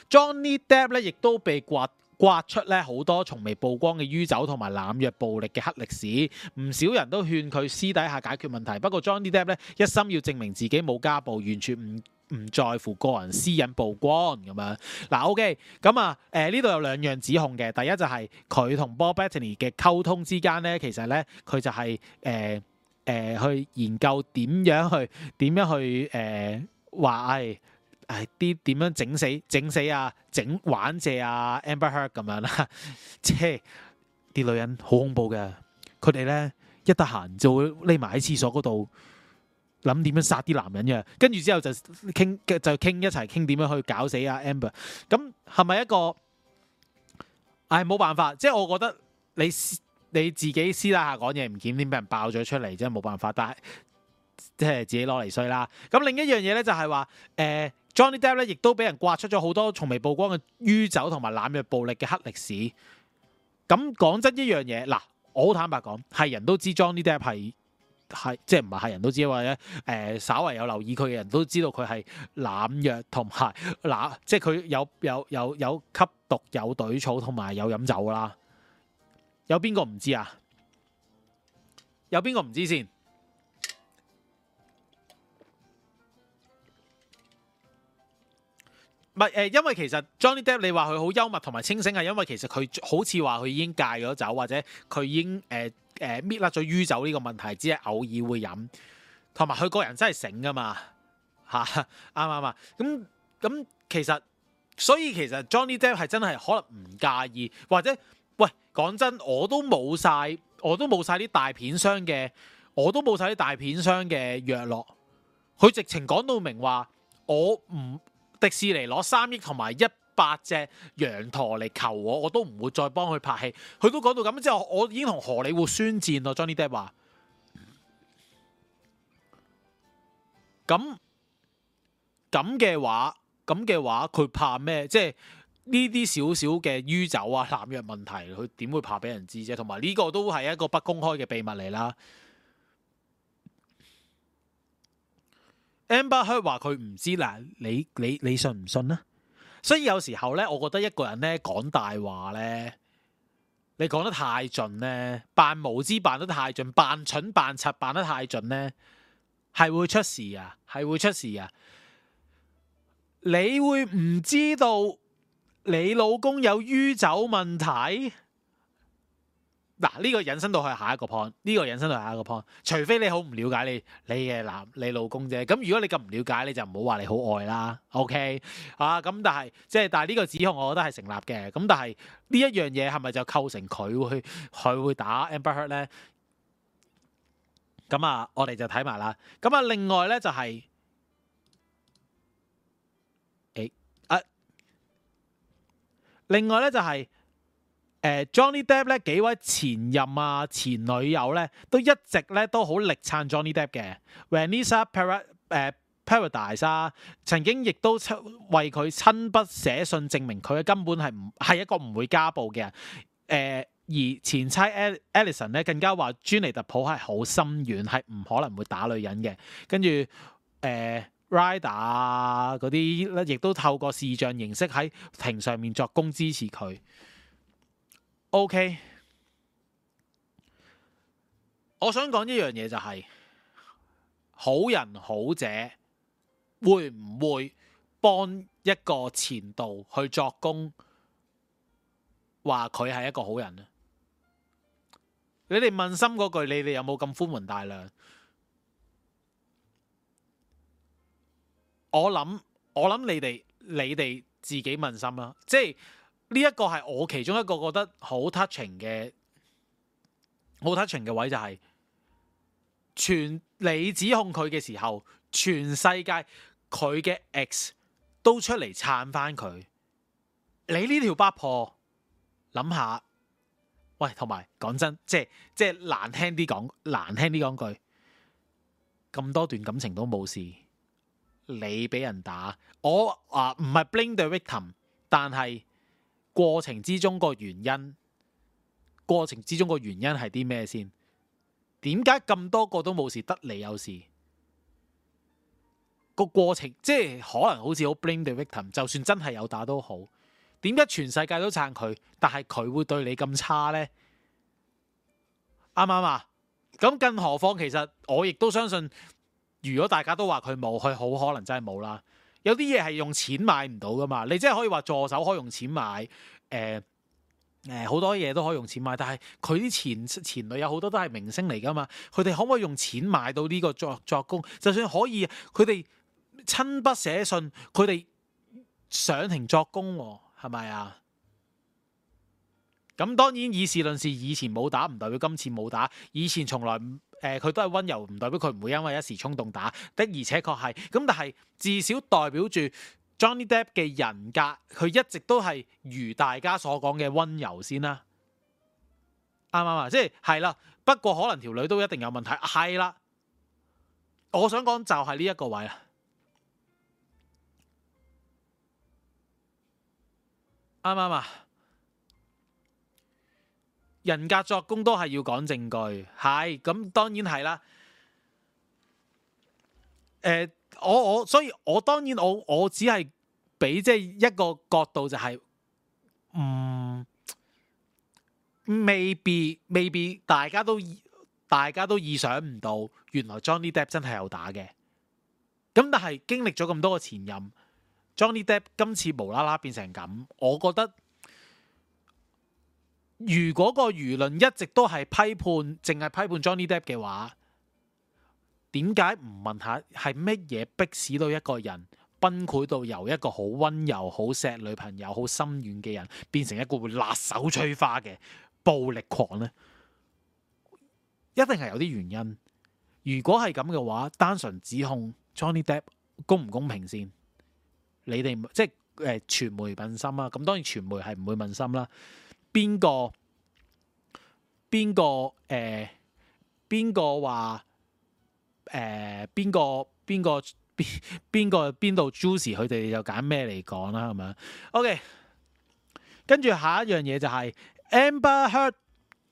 Johnny Depp 咧亦都被刮。刮出咧好多從未曝光嘅酗酒同埋濫藥暴力嘅黑歷史，唔少人都勸佢私底下解決問題。不過 Johnny Depp 咧一心要證明自己冇家暴，完全唔唔在乎個人私隱曝光咁樣。嗱 OK，咁啊誒呢度有兩樣指控嘅，第一就係佢同 Paul Bettany 嘅溝通之間咧，其實咧佢就係誒誒去研究點樣去點樣去誒話誒。呃啲點樣整死整死啊，整玩謝啊，Amber Heard 咁樣啦，即係啲女人好恐怖嘅，佢哋咧一得閒就會匿埋喺廁所嗰度諗點樣殺啲男人嘅，跟住之後就傾就傾一齊傾點樣去搞死阿、啊、Amber，咁係咪一個唉冇、哎、辦法？即係我覺得你你自己私底下講嘢唔檢點，俾人爆咗出嚟真係冇辦法，但係即係自己攞嚟衰啦。咁、嗯、另一樣嘢咧就係話誒。呃 Johnny Depp 咧，亦都俾人刮出咗好多從未曝光嘅酗酒同埋濫藥暴力嘅黑歷史。咁講真一樣嘢，嗱，我好坦白講，係人都知 Johnny Depp 係係即係唔係係人都知，或者誒、呃、稍為有留意佢嘅人都知道佢係濫藥同埋，嗱，即係佢有有有有，有吸毒、有隊草同埋有飲酒啦。有邊個唔知啊？有邊個唔知先？唔係誒，因為其實 Johnny Depp 你話佢好幽默同埋清醒，係因為其實佢好似話佢已經戒咗酒，或者佢已經誒誒搣甩咗酗酒呢個問題，只係偶爾會飲，同埋佢個人真係醒噶嘛吓，啱唔啱啊？咁咁其實所以其實 Johnny Depp 係真係可能唔介意，或者喂，講真，我都冇晒，我都冇晒啲大片商嘅，我都冇晒啲大片商嘅藥落，佢直情講到明話，我唔。迪士尼攞三億同埋一百隻羊駝嚟求我，我都唔會再幫佢拍戲。佢都講到咁，之後我已經同荷里活宣戰咯。Johnny Depp 話：咁咁嘅話，咁嘅話，佢怕咩？即係呢啲少少嘅酗酒啊、濫藥問題，佢點會怕俾人知啫？同埋呢個都係一個不公開嘅秘密嚟啦。Amber Heard 話佢唔知嗱，你你你信唔信咧？所以有時候咧，我覺得一個人咧講大話咧，你講得太盡咧，扮無知扮得太盡，扮蠢扮賊扮得太盡咧，係會出事啊！係會出事啊！你會唔知道你老公有酗酒問題？嗱，呢個引申到去下一個 point，呢個引申到下一個 point，除非你好唔了解你，你嘅男你老公啫。咁如果你咁唔了解，你就唔好話你好愛啦。OK 啊，咁但係即係但係呢個指控，我覺得係成立嘅。咁但係呢一樣嘢係咪就構成佢去佢會打 Amber Heard 咧？咁啊，我哋就睇埋啦。咁啊，另外咧就係誒啊，另外咧就係。誒、uh, Johnny Depp，咧，幾位前任啊，前女友咧，都一直咧，都好力撐 Johnny Depp 嘅 Vanessa Paradis, uh, Paradis 曾經亦都親為佢親筆寫信證明佢根本係唔係一個唔會家暴嘅人。誒、uh, 而前妻 Al, Alison 咧，更加話尊尼特普係好心軟，係唔可能會打女人嘅。跟住誒 Rider 嗰啲亦都透過視像形式喺庭上面作供支持佢。O.K.，我想講一樣嘢，就係、是、好人好者會唔會幫一個前度去作工，話佢係一個好人咧？你哋問心嗰句，你哋有冇咁寬宏大量？我諗，我諗你哋，你哋自己問心啦，即係。呢一個係我其中一個覺得好 touching 嘅，好 touching 嘅位就係、是，全你指控佢嘅時候，全世界佢嘅 ex 都出嚟撐翻佢。你呢條八婆，諗下，喂，同埋講真，即係即係難聽啲講，難聽啲講句，咁多段感情都冇事，你俾人打，我啊唔係 blame the victim，但係。過程之中個原因，過程之中個原因係啲咩先？點解咁多個都冇事，得你有事？個過程即係可能好似好 blame the victim，就算真係有打都好，點解全世界都撐佢，但係佢會對你咁差呢？啱唔啱啊？咁更何況，其實我亦都相信，如果大家都話佢冇，佢好可能真係冇啦。有啲嘢係用錢買唔到㗎嘛？你即係可以話助手可以用錢買，誒誒，好多嘢都可以用錢買。但係佢啲前前女友好多都係明星嚟㗎嘛？佢哋可唔可以用錢買到呢個作作供？就算可以，佢哋親筆寫信，佢哋上庭作供，哦，係咪啊？咁當然以事論事，以前冇打唔代表今次冇打，以前從來唔。誒佢、呃、都係溫柔，唔代表佢唔會因為一時衝動打的，而且確係咁、嗯，但係至少代表住 Johnny Depp 嘅人格，佢一直都係如大家所講嘅溫柔先啦。啱啱啊？即係係啦，不過可能條女都一定有問題。係啦，我想講就係呢一個位啦。啱啱啊？ 人格作工都係要講證據，係，咁當然係啦。誒、呃，我我所以，我當然我我只係俾即係一個角度、就係，就係唔未必未必大家都大家都意想唔到，原來 Johnny Depp 真係有打嘅。咁但係經歷咗咁多個前任，Johnny Depp 今次無啦啦變成咁，我覺得。如果個輿論一直都係批判，淨係批判 Johnny Depp 嘅話，點解唔問下係乜嘢逼使到一個人崩潰到由一個好溫柔、好錫女朋友、好心軟嘅人，變成一個會辣手摧花嘅暴力狂呢？一定係有啲原因。如果係咁嘅話，單純指控 Johnny Depp 公唔公平先？你哋即係誒，呃、傳媒問心啊？咁當然傳媒係唔會問心啦、啊。邊個？邊個？誒？邊個話？誒？邊個？邊個？邊個？邊度？Juicy 佢哋又揀咩嚟講啦？係咪？OK。跟住下一樣嘢就係、是、Amber Heard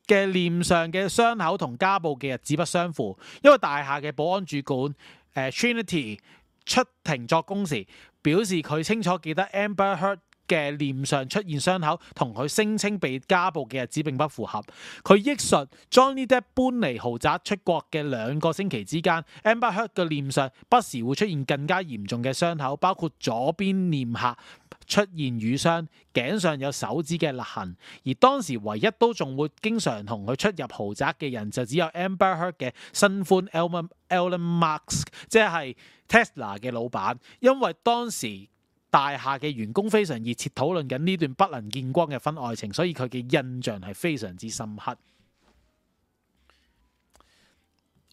嘅臉上嘅傷口同家暴嘅日子不相符，因為大廈嘅保安主管、呃、Trinity 出庭作供時，表示佢清楚記得 Amber Heard。嘅臉上出現傷口，同佢聲稱被家暴嘅日子並不符合。佢憶述 Johnny Depp 搬離豪宅出國嘅兩個星期之間 ，Amber Heard 嘅臉上不時會出現更加嚴重嘅傷口，包括左邊臉下出現瘀傷、頸上有手指嘅勒痕。而當時唯一都仲會經常同佢出入豪宅嘅人，就只有 Amber Heard 嘅新歡 Elon Elon Musk，即係 Tesla 嘅老闆。因為當時大廈嘅員工非常熱切討論緊呢段不能見光嘅婚外情，所以佢嘅印象係非常之深刻。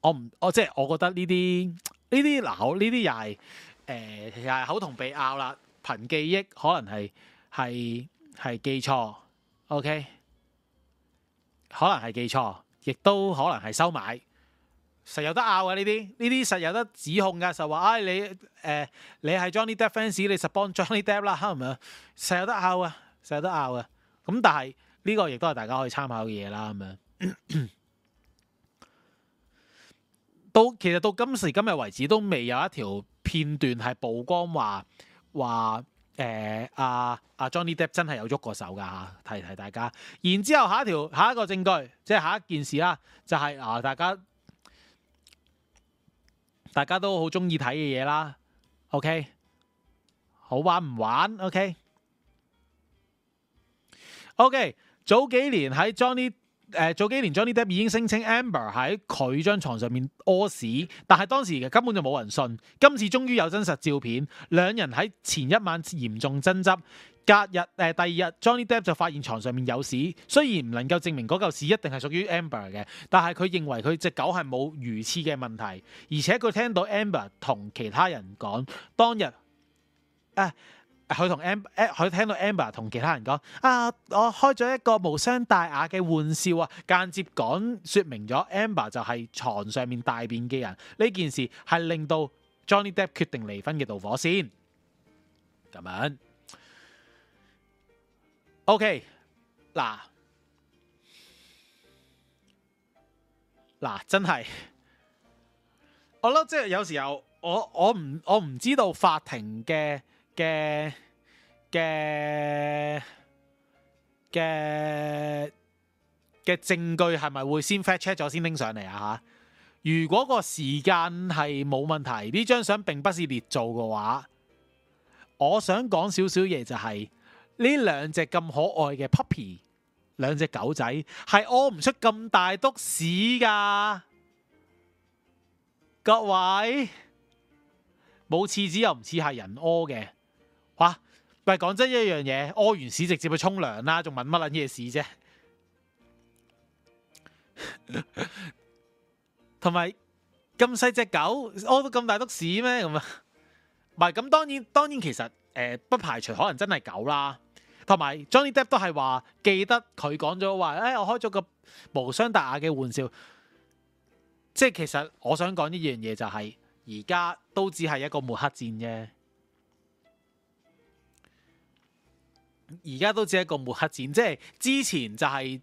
我唔，我即係我覺得呢啲呢啲嗱，呢啲又係誒又係口同鼻拗啦，憑記憶可能係係係記錯，OK，可能係記錯，亦都可能係收買。實有得拗啊，呢啲，呢啲實有得指控嘅，就話、是：，唉、哎，你誒、呃，你係 Johnny Depp fans，你實幫 Johnny Depp 啦，嚇唔係？實有得拗啊，實有得拗啊。咁但係呢、這個亦都係大家可以參考嘅嘢啦，咁樣。 到其實到今時今日為止，都未有一條片段係曝光話話誒阿阿 Johnny Depp 真係有喐過手㗎嚇、啊，提提大家。然之後下一條下一個證據，即係下一件事啦，就係、是、啊大家。大家都好中意睇嘅嘢啦，OK，好玩唔玩？OK，OK，、OK? OK, 早幾年喺 Johnny 誒、呃，早幾年 Johnny Depp 已經聲稱 Amber 喺佢張床上面屙屎，但係當時根本就冇人信。今次終於有真實照片，兩人喺前一晚嚴重爭執。隔日，誒，第二日 Johnny Depp 就發現牀上面有屎，雖然唔能夠證明嗰嚿屎一定係屬於 Amber 嘅，但係佢認為佢隻狗係冇魚翅嘅問題，而且佢聽到 Amber 同其他人講當日啊，佢同 Am 佢聽到 Amber 同其他人講啊，我開咗一個無傷大雅嘅玩笑啊，間接講説明咗 Amber 就係牀上面大便嘅人，呢件事係令到 Johnny Depp 決定離婚嘅導火線，噉樣。OK，嗱，嗱、okay，真係，我諗即係有時候我我唔我唔知道法庭嘅嘅嘅嘅嘅證據係咪會先 fact check 咗先拎上嚟啊吓？如果個時間係冇問題，呢張相並不是捏造嘅話，我想講少少嘢就係、是。呢兩隻咁可愛嘅 puppy，兩隻狗仔係屙唔出咁大督屎噶，各位冇廁紙又唔似係人屙嘅，哇！喂，講真一樣嘢，屙完屎直接去沖涼啦，仲問乜撚嘢事啫？同埋咁細隻狗屙到咁大督屎咩？咁 啊？唔係咁，當然當然，其實誒、呃、不排除可能真係狗啦。同埋 Johnny Depp 都係話記得佢講咗話，誒，我開咗個無傷大雅嘅玩笑。即係其實我想講一樣嘢就係、是，而家都只係一個抹黑戰啫。而家都只係一個抹黑戰，即係之前就係、是、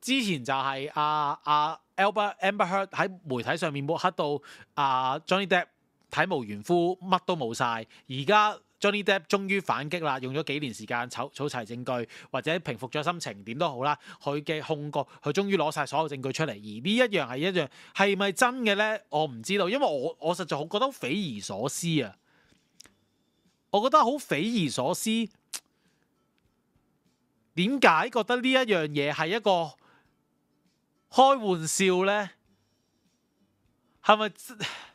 之前就係、是、啊阿、啊、Albert Amber Heard 喺媒體上面抹黑到啊 Johnny Depp 體無完膚，乜都冇晒。而家。Johnny Depp 終於反擊啦，用咗幾年時間湊湊齊證據，或者平復咗心情，點都好啦。佢嘅控告，佢終於攞晒所有證據出嚟。而呢一樣係一樣，係咪真嘅呢？我唔知道，因為我我實在好覺得匪夷所思啊！我覺得好匪夷所思，點解覺得呢一樣嘢係一個開玩笑呢？係咪？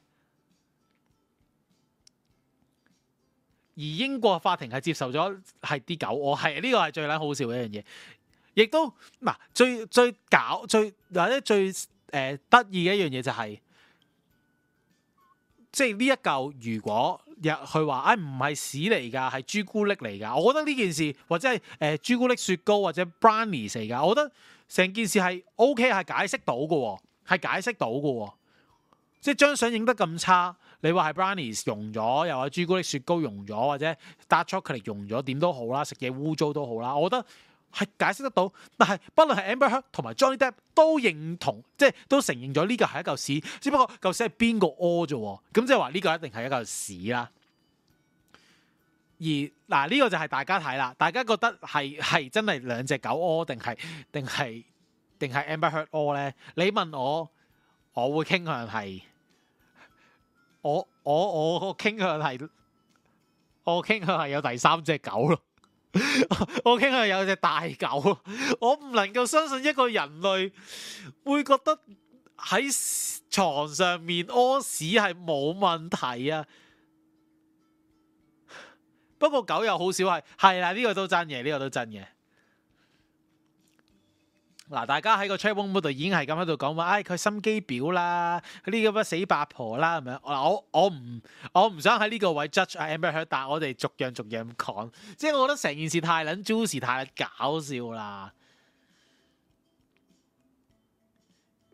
而英國法庭係接受咗係啲狗，我係呢個係最撚好笑嘅一樣嘢，亦都嗱最最搞最，最，搞最或者最誒得意嘅一樣嘢就係、是，即係呢一嚿如果入佢話，哎唔係屎嚟㗎，係朱古力嚟㗎。我覺得呢件事或者係誒朱古力雪糕或者 brownie 嚟㗎。我覺得成件事係 OK 係解釋到嘅，係解釋到嘅，即係張相影得咁差。你話係 Brownies 溶咗，又話朱古力雪糕溶咗，或者 Dark Chocolate 溶咗，點都好啦，食嘢，污糟都好啦，我覺得係解釋得到。但係不論係 Amber Heard 同埋 Johnny Depp 都認同，即係都承認咗呢個係一嚿屎，只不過嚿屎係邊個屙啫？咁即係話呢個一定係一嚿屎啦。而嗱呢、這個就係大家睇啦，大家覺得係，係真係兩隻狗屙定係定係定係 Amber Heard 屙咧？你問我，我會傾向係。我我我我傾向係，我傾向係有第三隻狗咯， 我傾向有隻大狗， 我唔能夠相信一個人類會覺得喺床上面屙屎係冇問題啊。不過狗又好少係，係啦呢個都真嘅，呢個都真嘅。嗱，大家喺個 chat room 嗰度已經係咁喺度講話，唉、哎，佢心機婊啦，佢呢個乜死八婆啦，咁樣。我我唔我唔想喺呢個位 judge 阿 Ambassador 但我哋逐樣逐樣講，即係我覺得成件事太撚 juicy，太搞笑啦。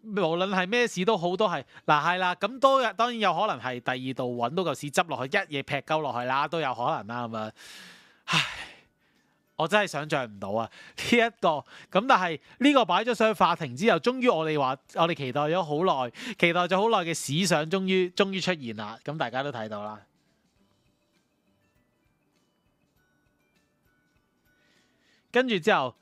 無論係咩事都好都係，嗱、啊、係啦，咁都當然有可能係第二度揾到嚿屎執落去，一嘢劈鳩落去啦，都有可能咁唉！我真係想象唔到啊！呢一個咁，但係呢個擺咗上去法庭之後，終於我哋話我哋期待咗好耐，期待咗好耐嘅史相，終於終於出現啦。咁大家都睇到啦。跟住之後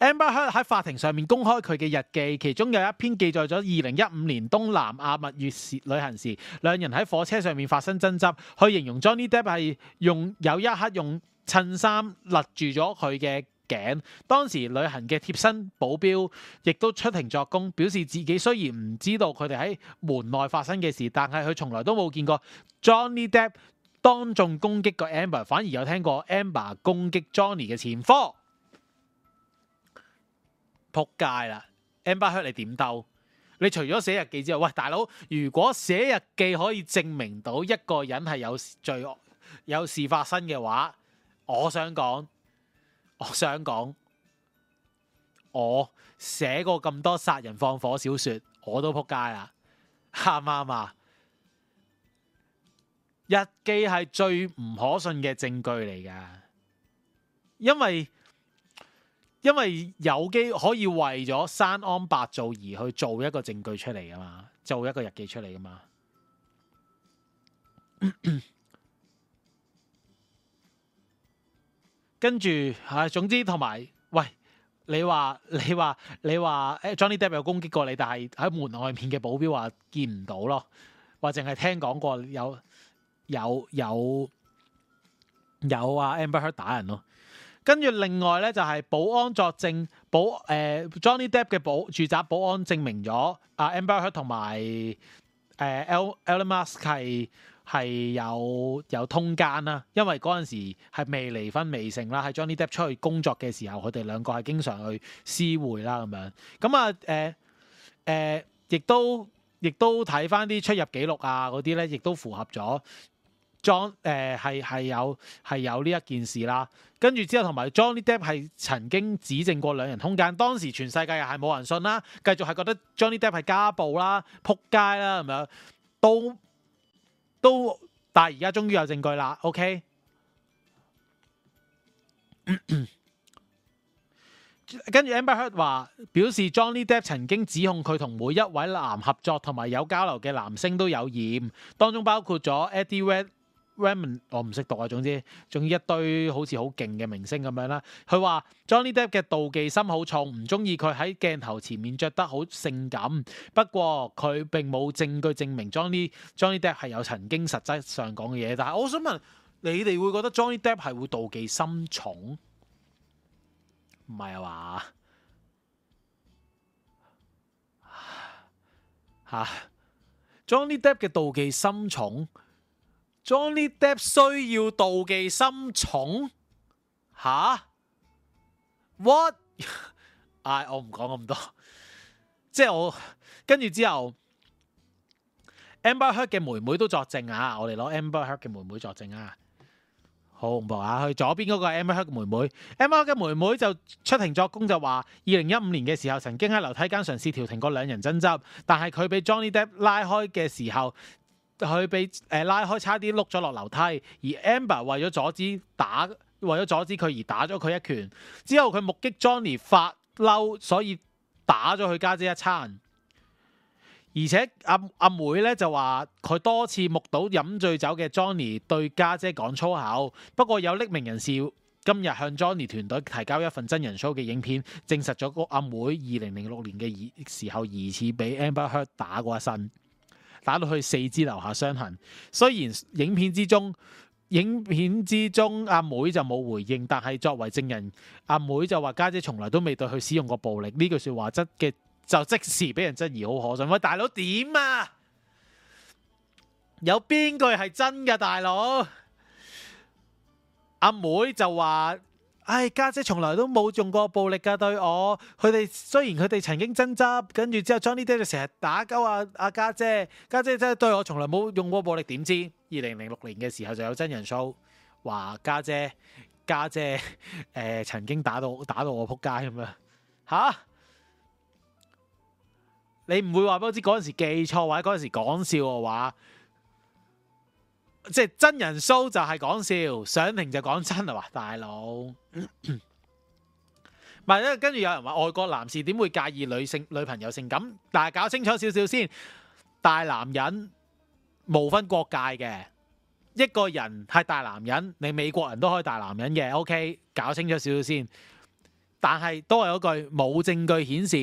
Amber Heard 喺法庭上面公開佢嘅日記，其中有一篇記載咗二零一五年東南亞蜜月旅行時，兩人喺火車上面發生爭執，去形容 Johnny Depp 係用有一刻用。襯衫勒住咗佢嘅頸，當時旅行嘅貼身保鏢亦都出庭作供，表示自己雖然唔知道佢哋喺門內發生嘅事，但係佢從來都冇見過 Johnny Depp 當眾攻擊過 Amber，反而有聽過 Amber 攻擊 Johnny 嘅前科，撲街啦！Amber hurt 你點鬥？你除咗寫日記之外，喂大佬，如果寫日記可以證明到一個人係有罪惡、有事發生嘅話，我想講，我想講，我寫過咁多殺人放火小說，我都撲街啦，啱唔啱呀？日記係最唔可信嘅證據嚟噶，因為因為有機會可以為咗生安白造而去做一個證據出嚟噶嘛，做一個日記出嚟噶嘛。 跟住，嚇，總之同埋，喂，你話你話你話，Johnny Depp 有攻擊過你，但係喺門外面嘅保鏢話見唔到咯，或淨係聽講過有有有有阿 Amber Heard 打人咯。跟住另外咧就係保安作證，保誒、呃、Johnny Depp 嘅保住宅保安證明咗阿 Amber Heard 同埋誒 Elon Musk 係。係有有通姦啦，因為嗰陣時係未離婚未成啦，喺 Johnny Depp 出去工作嘅時候，佢哋兩個係經常去私會啦咁樣。咁啊誒誒，亦、呃呃、都亦都睇返啲出入記錄啊嗰啲咧，亦都符合咗 John 誒係係有係有呢一件事啦。跟住之後同埋 Johnny Depp 係曾經指證過兩人通姦，當時全世界又係冇人信啦，繼續係覺得 Johnny Depp 係家暴啦、撲街啦咁樣都。都，但係而家終於有證據啦，OK？跟住 Amber Heard 話，表示 Johnny Depp 曾經指控佢同每一位男合作同埋有交流嘅男星都有染，當中包括咗 Eddie Red。Ramen 我唔識讀啊，總之仲一堆好似好勁嘅明星咁樣啦。佢話 Johnny Depp 嘅妒忌心好重，唔中意佢喺鏡頭前面着得好性感。不過佢並冇證據證明 Johnny, Johnny Johnny Depp 係有曾經實質上講嘅嘢。但係我想問你哋會覺得 Johnny Depp 係會妒忌心重？唔係啊嘛？吓 Johnny Depp 嘅妒忌心重？Johnny Depp 需要妒忌心重？吓？What？唉，我唔講咁多。即係我跟住之後，Amber Heard 嘅妹妹都作證啊！我哋攞 Amber Heard 嘅妹妹作證啊！好恐怖啊！佢左邊嗰個 Amber Heard 嘅妹妹，Amber Heard 嘅妹妹就出庭作供就話，二零一五年嘅時候，曾經喺樓梯間嘗試調停過兩人爭執，但係佢俾 Johnny Depp 拉開嘅時候。佢被誒、呃、拉開差，差啲碌咗落樓梯，而 Amber 為咗阻止打，為咗阻止佢而打咗佢一拳。之後佢目擊 Johnny 發嬲，所以打咗佢家姐一餐。而且阿阿妹咧就話，佢多次目睹飲醉酒嘅 Johnny 對家姐講粗口。不過有匿名人士今日向 Johnny 團隊提交一份真人 show 嘅影片，證實咗個阿妹二零零六年嘅時候疑似俾 Amber Heard 打過一身。打到去四肢留下傷痕，雖然影片之中，影片之中阿妹，妹就冇回應，但係作為證人，阿妹，妹就話家姐，姐從來都未對佢使用過暴力，呢句説話質嘅就即時俾人質疑好可信！喂，大佬點啊？有邊句係真嘅，大佬？阿妹，妹就話。唉，家、哎、姐從來都冇用過暴力噶對我，佢哋雖然佢哋曾經爭執，跟住之後 Johnny Depp 就成日打鳩阿阿家姐，家姐真係對我從來冇用過暴力，點知二零零六年嘅時候就有真人 show 話家姐家姐，誒、呃、曾經打到打到我扑街咁樣，吓、啊、你唔會話俾我知嗰陣時記錯，或者嗰陣時講笑嘅話。即係真人 show 就係講笑，上庭就講真啦，話大佬。唔係跟住有人話外國男士點會介意女性女朋友性感？但係搞清楚少少先，大男人無分國界嘅，一個人係大男人，你美國人都可以大男人嘅。OK，搞清楚少少先，但係都係嗰句，冇證據顯示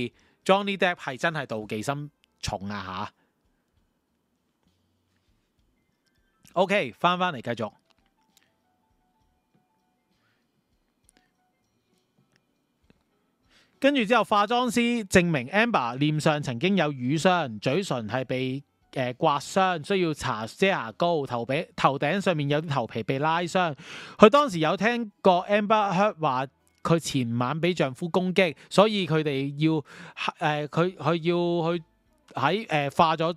Johnny Depp 係真係妒忌心重啊吓。O.K. 翻返嚟繼續，跟住之後化妝師證明 amber 臉上曾經有瘀傷，嘴唇係被誒刮傷，需要搽遮瑕膏。頭頂頭頂上面有啲頭皮被拉傷。佢當時有聽過 amber Heard 話佢前晚俾丈夫攻擊，所以佢哋要誒佢佢要去喺誒、呃、化咗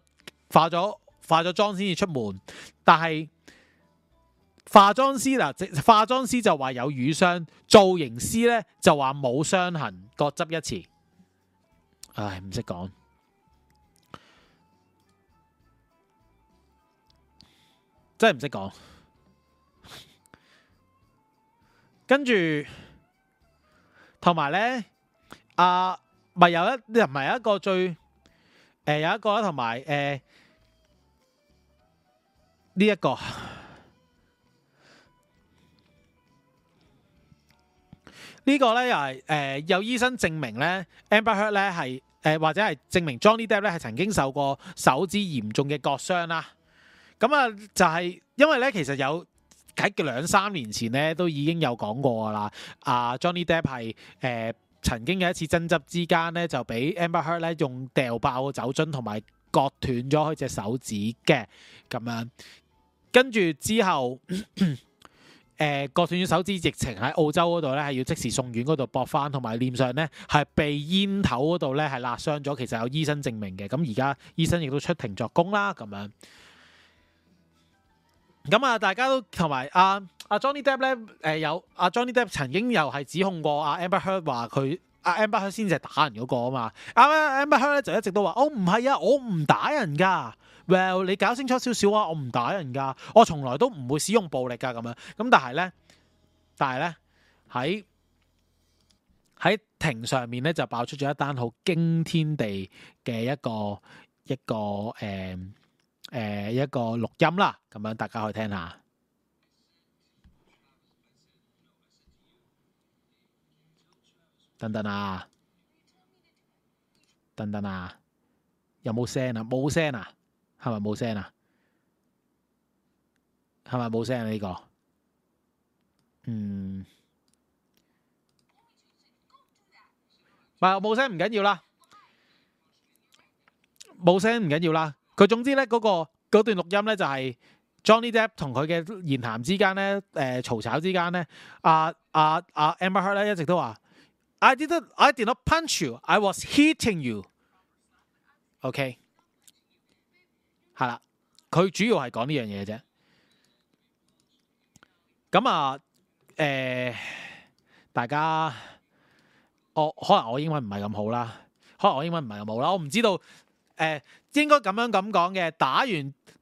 化咗。化咗妝先至出門，但係化妝師嗱，化妝師就話有瘀傷；造型師咧就話冇傷痕，各執一詞。唉，唔識講，真係唔識講。跟住同埋咧，啊，咪、呃、有一，又咪有一個最，誒、呃，有一個同埋誒。呢一、這個呢、這個咧又係誒有醫生證明呢 Amber Heard 咧係誒、呃、或者係證明 Johnny Depp 咧係曾經受過手指嚴重嘅割傷啦。咁啊就係、是、因為呢，其實有喺兩三年前呢都已經有講過噶啦。阿、啊、Johnny Depp 係誒、呃、曾經有一次爭執之間呢，就俾 Amber Heard 咧用掉爆酒樽同埋割斷咗佢隻手指嘅咁樣。啊跟住之後，誒、呃、割斷咗手指，直情喺澳洲嗰度咧，係要即時送院嗰度駁返，同埋臉上咧係被煙頭嗰度咧係辣傷咗，其實有醫生證明嘅。咁而家醫生亦都出庭作供啦，咁樣。咁啊，大家都同埋啊阿、啊啊、Johnny Depp 咧、啊，誒有阿、啊、Johnny Depp 曾經又係指控過阿、啊、Amber Heard 話佢阿 a、啊、mber Heard 先至係打人嗰個嘛 啊嘛。啱啱 Amber Heard 咧就一直都話，哦，唔係啊，我唔打人噶。Well，你搞清楚少少啊！我唔打人噶，我從來都唔會使用暴力噶咁樣。咁但係咧，但係咧喺喺庭上面咧就爆出咗一單好驚天地嘅一個一個誒誒一個錄音啦。咁樣大家可以聽下。等等啊，等等啊，有冇聲啊？冇聲啊！係咪冇聲啊？係咪冇聲啊呢個？嗯，唔係冇聲唔緊要啦，冇聲唔緊要啦。佢總之咧嗰個嗰段錄音咧就係 Johnny Depp 同佢嘅言談之間咧誒嘈吵之間咧，阿阿阿 Amber Heard 咧一直都話，I didn't I did not punch you, I was hitting you。OK。係啦，佢主要係講呢樣嘢啫。咁啊，誒、呃，大家，我可能我英文唔係咁好啦，可能我英文唔係咁好啦，我唔知道。誒、呃，應該咁樣咁講嘅，打完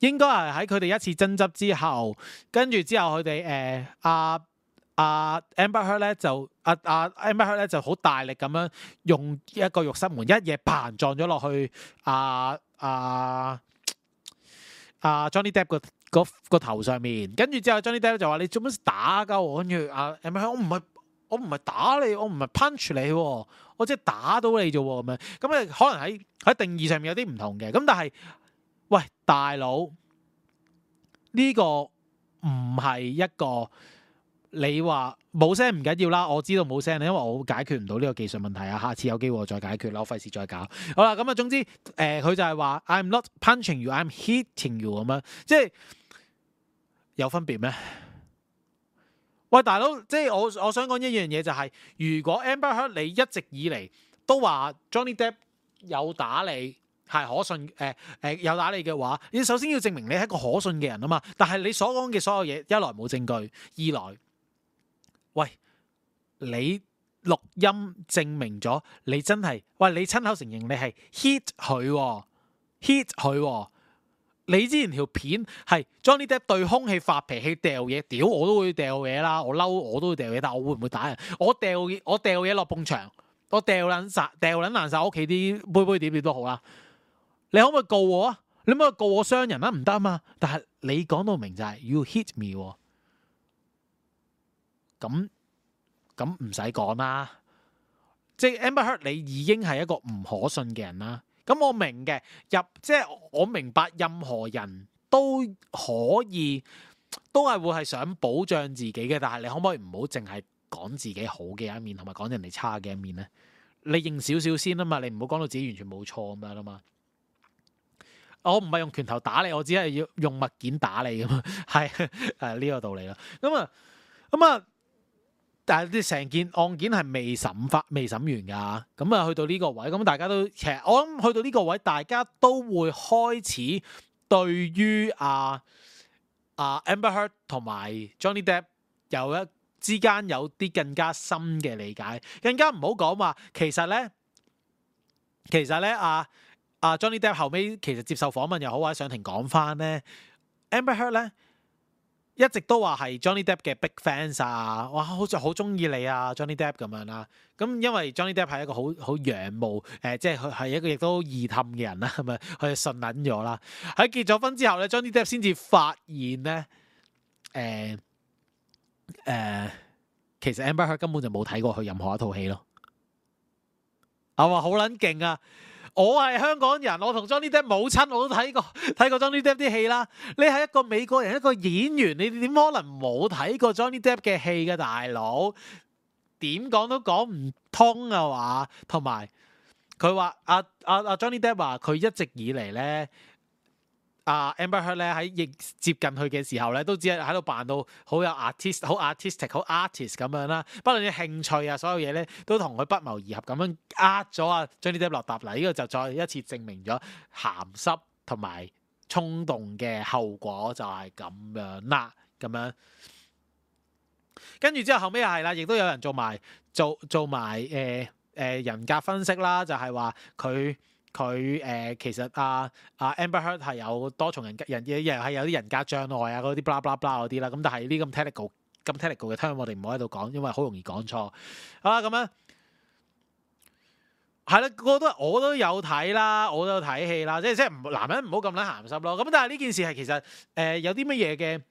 應該係喺佢哋一次爭執之後，跟住之後佢哋誒，阿阿 Amber Heard 咧就阿阿 Amber Heard 咧就好大力咁樣用一個浴室門一嘢嘭撞咗落去，阿、呃、阿。啊阿、啊、Johnny Depp 個個個頭上面，跟住之後 Johnny Depp 就話：你做乜打㗎？跟住阿，係咪？我唔係我唔係打你，我唔係 punch 你，我即係打到你啫喎咁樣。咁咧可能喺喺定義上面有啲唔同嘅。咁但係，喂大佬，呢、呢個唔係一個你話。冇聲唔緊要啦，我知道冇聲，因為我解決唔到呢個技術問題啊，下次有機會我再解決啦，我費事再搞。好啦，咁啊，總之，誒、呃，佢就係話 I'm not punching you，I'm hitting you 咁樣，即係有分別咩？喂，大佬，即係我我想講一樣嘢就係、是，如果 Amber Heard 你一直以嚟都話 Johnny Depp 有打你係可信，誒、呃、誒、呃、有打你嘅話，你首先要證明你係一個可信嘅人啊嘛，但係你所講嘅所有嘢，一來冇證據，二來。你錄音證明咗你真係，喂你親口承認你係 hit 佢哦，hit 佢哦。你之前條片係將呢啲對空氣發脾氣掉嘢，屌我都會掉嘢啦，我嬲我都會掉嘢，但我會唔會打人？我掉我掉嘢落埲牆，我掉捻散掉捻爛晒屋企啲杯杯碟碟都好啦。你可唔可以告我啊？你可唔可以告我傷人啊？唔得啊嘛。但係你講到明就係 you hit me，咁哦。咁唔使講啦，即係 Amber Heard，你已經係一個唔可信嘅人啦。咁我明嘅，入即係我明白，明白任何人都可以都係會係想保障自己嘅。但係你可唔可以唔好淨係講自己好嘅一面，同埋講人哋差嘅一面咧？你認少少先啊嘛，你唔好講到自己完全冇錯咁樣啊嘛。我唔係用拳頭打你，我只係要用物件打你咁啊。係誒呢個道理啦。咁啊，咁啊。但係啲成件案件係未審法未審完㗎，咁、嗯、啊去到呢個位，咁大家都其實我諗去到呢個位，大家都會開始對於啊啊 Amber Heard 同埋 Johnny Depp 有一之間有啲更加深嘅理解，更加唔好講話，其實咧，其實咧啊啊 Johnny Depp 後尾其實接受訪問又好或者上庭講返咧，Amber Heard 咧。一直都話係 Johnny Depp 嘅 big fans 啊，哇，好似好中意你啊，Johnny Depp 咁樣啦、啊。咁因為 Johnny Depp 係一個好好仰慕，誒、呃，即係佢係一個亦都易氹嘅人啦，係咪？佢信捻咗啦。喺結咗婚之後咧，Johnny Depp 先至發現咧，誒、呃、誒、呃，其實 Amber Heard 根本就冇睇過佢任何一套戲咯。我話好捻勁啊！我係香港人，我同 Johnny Depp 母親，我都睇過睇過 Johnny Depp 啲戲啦。你係一個美國人，一個演員，你點可能冇睇過 Johnny Depp 嘅戲㗎大佬？點講都講唔通啊！話同埋佢話啊啊啊 Johnny Depp 話佢一直以嚟咧。啊 Amber Heard 咧喺亦接近佢嘅時候咧，都只係喺度扮到好有 artist、好 artistic、好 artist 咁樣啦。不論啲興趣啊，所有嘢咧都同佢不謀而合，咁樣呃咗啊，將呢啲落搭嚟，呢個就再一次證明咗咸濕同埋衝動嘅後果就係咁樣啦、啊，咁樣。跟住之後後尾又係啦，亦都有人做埋做做埋誒誒人格分析啦，就係話佢。佢誒，其實阿阿 Amber Heard 係有多重人格，又係有啲人格障礙啊，嗰啲 blah blah blah 嗰啲啦。咁但係呢，咁 technical 咁 technical 嘅，聽我哋唔好喺度講，因為好容易講錯。好啦，咁樣係啦，我都我都有睇啦，我都有睇戲啦。即係即係唔男人唔好咁捻鹹濕咯。咁但係呢件事係其實誒有啲乜嘢嘅，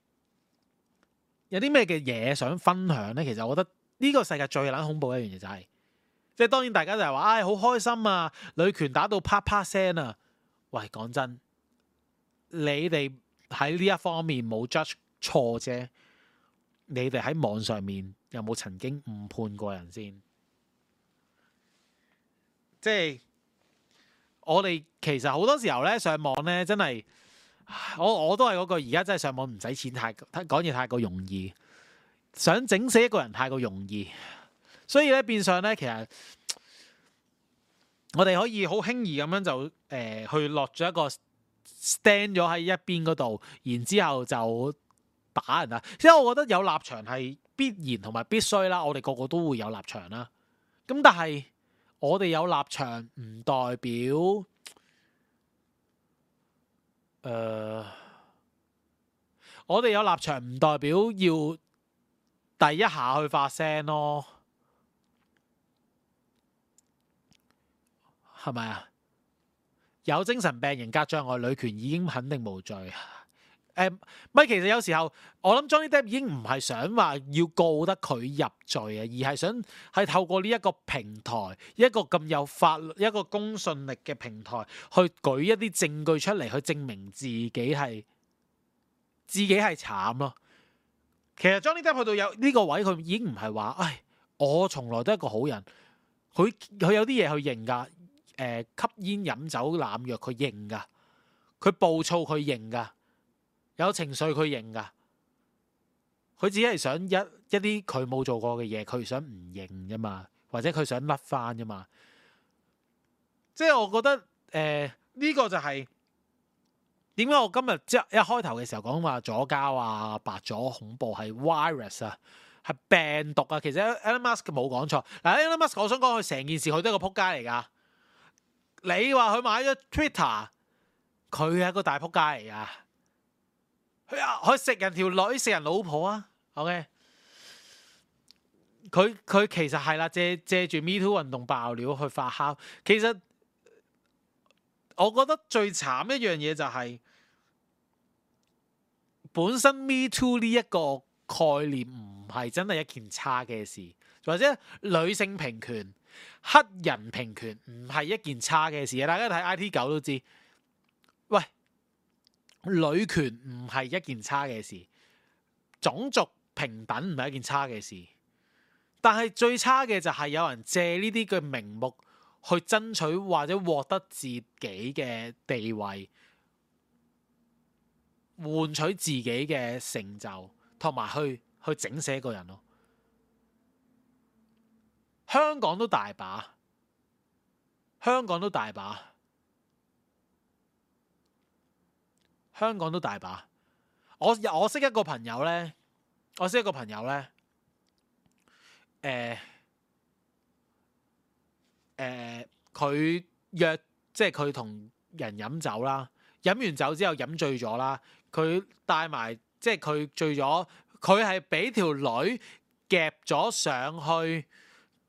有啲咩嘅嘢想分享咧？其實我覺得呢個世界最捻恐怖嘅一樣嘢就係。即係當然，大家就係話，唉、哎，好開心啊！女拳打到啪啪聲啊！喂，講真，你哋喺呢一方面冇 judge 錯啫。你哋喺網上面有冇曾經誤判過人先？即係我哋其實好多時候咧，上網咧真係，我我都係嗰個。而家真係上網唔使錢，太講嘢太過容易，想整死一個人太過容易。所以咧，變相咧，其實我哋可以好輕易咁樣就誒、呃、去落咗一個 stand 咗喺一邊嗰度，然之後就打人啦。因為我覺得有立場係必然同埋必須啦，我哋個個都會有立場啦。咁但係我哋有立場唔代表誒、呃，我哋有立場唔代表要第一下去發聲咯。係咪啊？有精神病人格障礙，女權已經肯定無罪。誒、嗯，咪其實有時候我諗 Johnny Depp 已經唔係想話要告得佢入罪啊，而係想係透過呢一個平台，一個咁有法律、一個公信力嘅平台，去舉一啲證據出嚟，去證明自己係自己係慘咯。其實 Johnny Depp 去到有呢個位，佢已經唔係話，唉，我從來都係一個好人。佢佢有啲嘢去認噶。誒，吸煙飲酒濫藥，佢認㗎；佢暴躁，佢認㗎；有情緒，佢認㗎。佢只係想一一啲佢冇做過嘅嘢，佢想唔認啫嘛，或者佢想甩返啫嘛。即係我覺得誒呢、呃呢個就係點解我今日即係一開頭嘅時候講話左膠啊、白左恐怖係 virus 啊、係病毒啊。其實 Elon Musk 冇講錯嗱，Elon Musk，我想講佢成件事佢都係個撲街嚟㗎。你話佢買咗 Twitter，佢係個大僕街嚟啊！佢啊，佢食人條女，食人老婆啊！OK，佢佢其實係啦，借借住 Me Too 運動爆料去發酵。其實我覺得最慘一樣嘢就係，本身 Me Too 呢一個概念唔係真係一件差嘅事，或者女性平權。黑人平權唔係一件差嘅事，大家睇 I T 九都知。喂，女權唔係一件差嘅事，種族平等唔係一件差嘅事。但係最差嘅就係有人借呢啲嘅名目去爭取或者獲得自己嘅地位，換取自己嘅成就，同埋去去整死一個人咯。香港都大把，香港都大把，香港都大把。我我識一個朋友呢，我識一個朋友呢，誒、呃、誒，佢、呃、約即係佢同人飲酒啦，飲完酒之後飲醉咗啦，佢帶埋即係佢醉咗，佢係俾條女夾咗上去。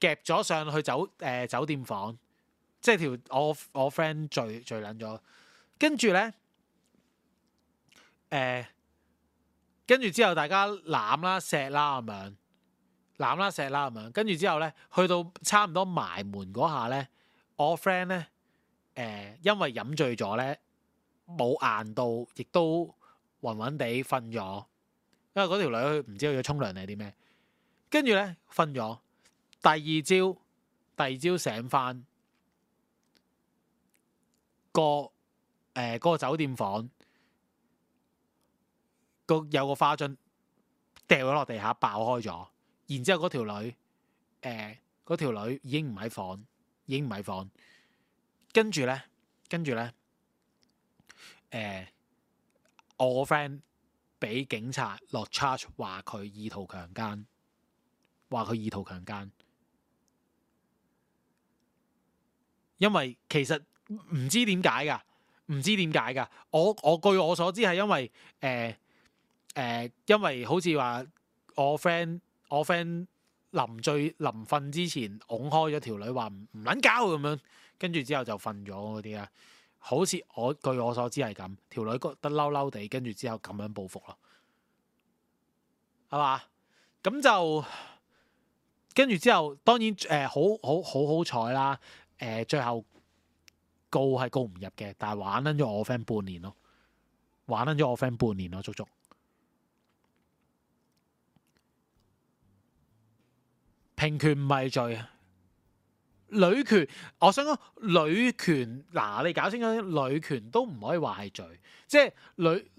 夾咗上去酒誒、呃、酒店房，即係條我我 friend 醉醉捻咗，跟住咧誒，跟、呃、住之後大家攬啦、啊、錫啦咁樣，攬、嗯、啦、錫啦咁樣，跟住、啊、之後咧去到差唔多埋門嗰下咧，我 friend 咧誒，因為飲醉咗咧，冇硬到，亦都暈暈地瞓咗，因為嗰條女唔知佢要沖涼定係啲咩，跟住咧瞓咗。第二朝，第二朝醒翻，嗰個誒、呃嗰個酒店房、嗰個有個花樽掉咗落地下，爆開咗。然之後嗰條女，誒嗰條女已經唔喺房，已經唔喺房。跟住咧，跟住咧，誒、呃、我 friend 俾警察落 charge，話佢意圖強姦，話佢意圖強姦。因為其實唔知點解噶，唔知點解噶。我我據我所知係因為誒誒、呃呃，因為好似話我 friend 我 friend 臨醉臨瞓之前，拱開咗條女話唔唔撚搞咁樣，跟住之後就瞓咗嗰啲啦。好似我據我所知係咁，條女覺得嬲嬲地，跟住之後咁樣報復咯，係嘛？咁就跟住之後，當然誒、呃，好好好好彩啦。誒，最後告係告唔入嘅，但係玩撚咗我 friend 半年咯，玩撚咗我 friend 半年咯，足足。平權唔係罪，女權，我想講女權，嗱你搞清楚女權都唔可以話係罪，即係女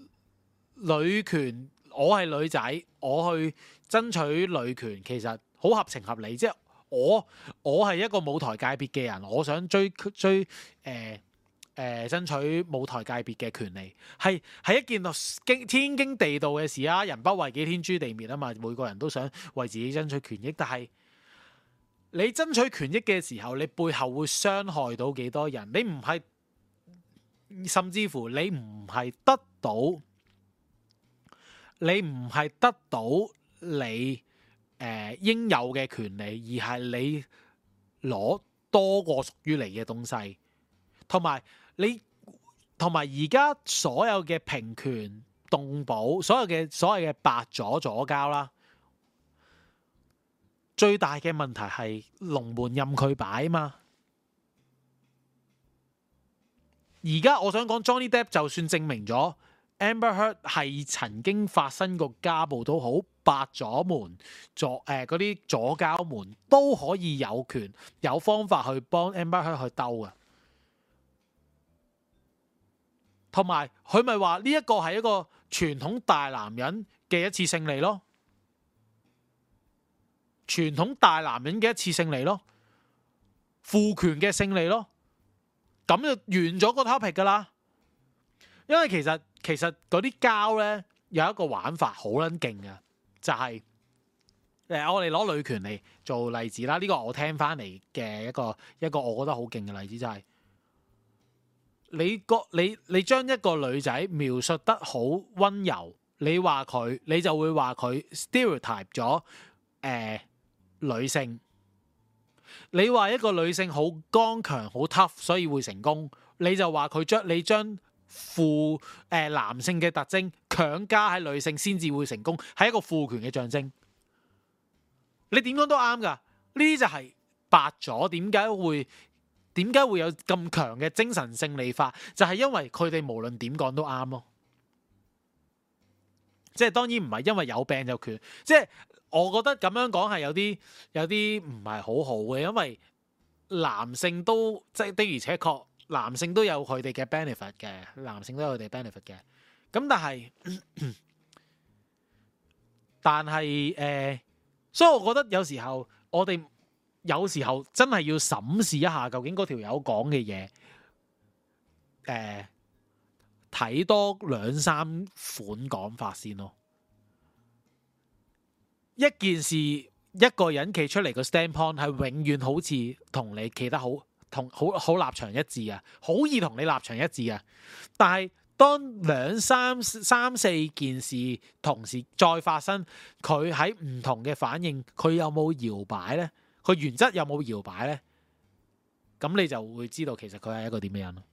女權，我係女仔，我去爭取女權，其實好合情合理，即係。我我係一個舞台界別嘅人，我想追追誒、呃呃、爭取舞台界別嘅權利，係係一件天經地道嘅事啊！人不為己，天誅地滅吖嘛，每個人都想為自己爭取權益，但係你爭取權益嘅時候，你背後會傷害到幾多人？你唔係甚至乎你唔係得到，你唔係得到你。誒應有嘅權利，而係你攞多過屬於你嘅東西，同埋你同埋而家所有嘅平權動保，所有嘅所謂嘅白左左交啦，最大嘅問題係龍門任佢擺嘛！而家我想講 Johnny Depp 就算證明咗 Amber Heard 係曾經發生過家暴都好。白左門左誒，嗰、呃、啲左膠門都可以有權有方法去幫 MBA 去去兜嘅，同埋佢咪話呢一個係一個傳統大男人嘅一次勝利咯，傳統大男人嘅一次勝利咯，父權嘅勝利咯，咁就完咗個 topic 噶啦。因為其實其實啲膠呢有一個玩法好捻勁嘅。就係、是、誒、呃，我哋攞女權嚟做例子啦。呢個我聽翻嚟嘅一個一個我覺得好勁嘅例子就係、是，你個你你將一個女仔描述得好溫柔，你話佢，你就會話佢 stereotype 咗誒、呃、女性。你話一個女性好剛強，好 tough，所以會成功，你就話佢將你將。負誒、呃，男性嘅特徵強加喺女性先至會成功，係一個父權嘅象徵。你點講都啱㗎，呢啲就係白咗。點解會點解會有咁強嘅精神勝利法？就係、是、因為佢哋無論點講都啱咯。即、就、係、是、當然唔係因為有病就權，即、就、係、是、我覺得咁樣講係有啲有啲唔係好好嘅，因為男性都即係的而且確。男性都有佢哋嘅 benefit 嘅，男性都有佢哋 benefit 嘅。咁但係，但係，誒、呃，所以我覺得有時候我哋有時候真係要審視一下究竟嗰條友講嘅嘢，誒、呃，睇多兩三款講法先咯。一件事，一個人企出嚟個 standpoint 係永遠好似同你企得好。同好好立場一致啊，好易同你立場一致啊。但係當兩三三四件事同時再發生，佢喺唔同嘅反應，佢有冇搖擺咧？佢原則有冇搖擺咧？咁你就會知道其實佢係一個點樣嘅人。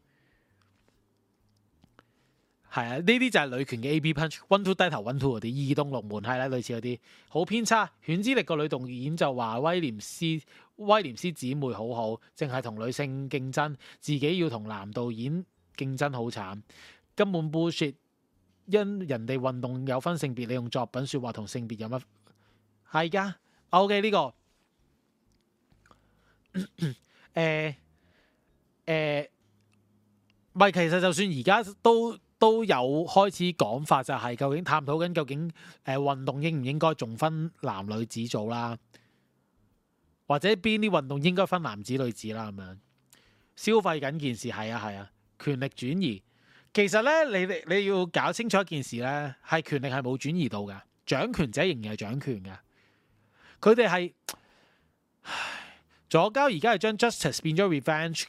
係啊，呢啲就係女權嘅 A.B.Punch，One Two 低頭，One Two 嗰啲二東六門，係啦，類似嗰啲好偏差。犬之力個女導演就話威廉斯、威廉斯姊妹好好，淨係同女性競爭，自己要同男導演競爭好慘，根本不説因人哋運動有分性別，你用作品説話同性別有乜係噶？O.K. 呢、這個誒誒，唔係、呃呃、其實就算而家都。都有開始講法就係、是、究竟探討緊究竟誒運動應唔應該仲分男女子做啦，或者邊啲運動應該分男子女子啦，咁樣消費緊件事，係啊係啊，權力轉移其實呢，你你你要搞清楚一件事呢，係權力係冇轉移到嘅，掌權者仍然係掌權嘅，佢哋係，唉，左膠而家係將 justice 變咗 revenge。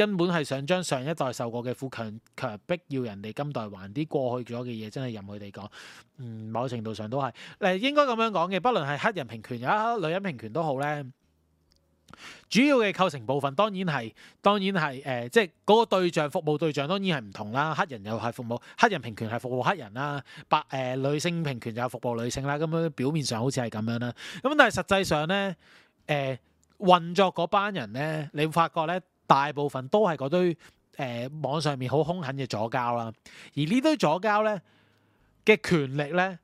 根本係想將上一代受過嘅苦強強逼要人哋今代還啲過去咗嘅嘢，真係任佢哋講。嗯，某程度上都係誒、呃，應該咁樣講嘅。不論係黑人平權，有、呃、女人平權都好咧。主要嘅構成部分當然係當然係誒，即係嗰個對象服務對象當然係唔同啦。黑人又係服，服務黑人平權係服務黑人啦，白誒、呃、女性平權就係服務女性啦。咁、呃、樣表面上好似係咁樣啦，咁但係實際上咧誒、呃、運作嗰班人咧，你會發覺咧。大部分都係嗰堆誒、呃、網上面好凶狠嘅左膠啦，而呢堆左膠咧嘅權力咧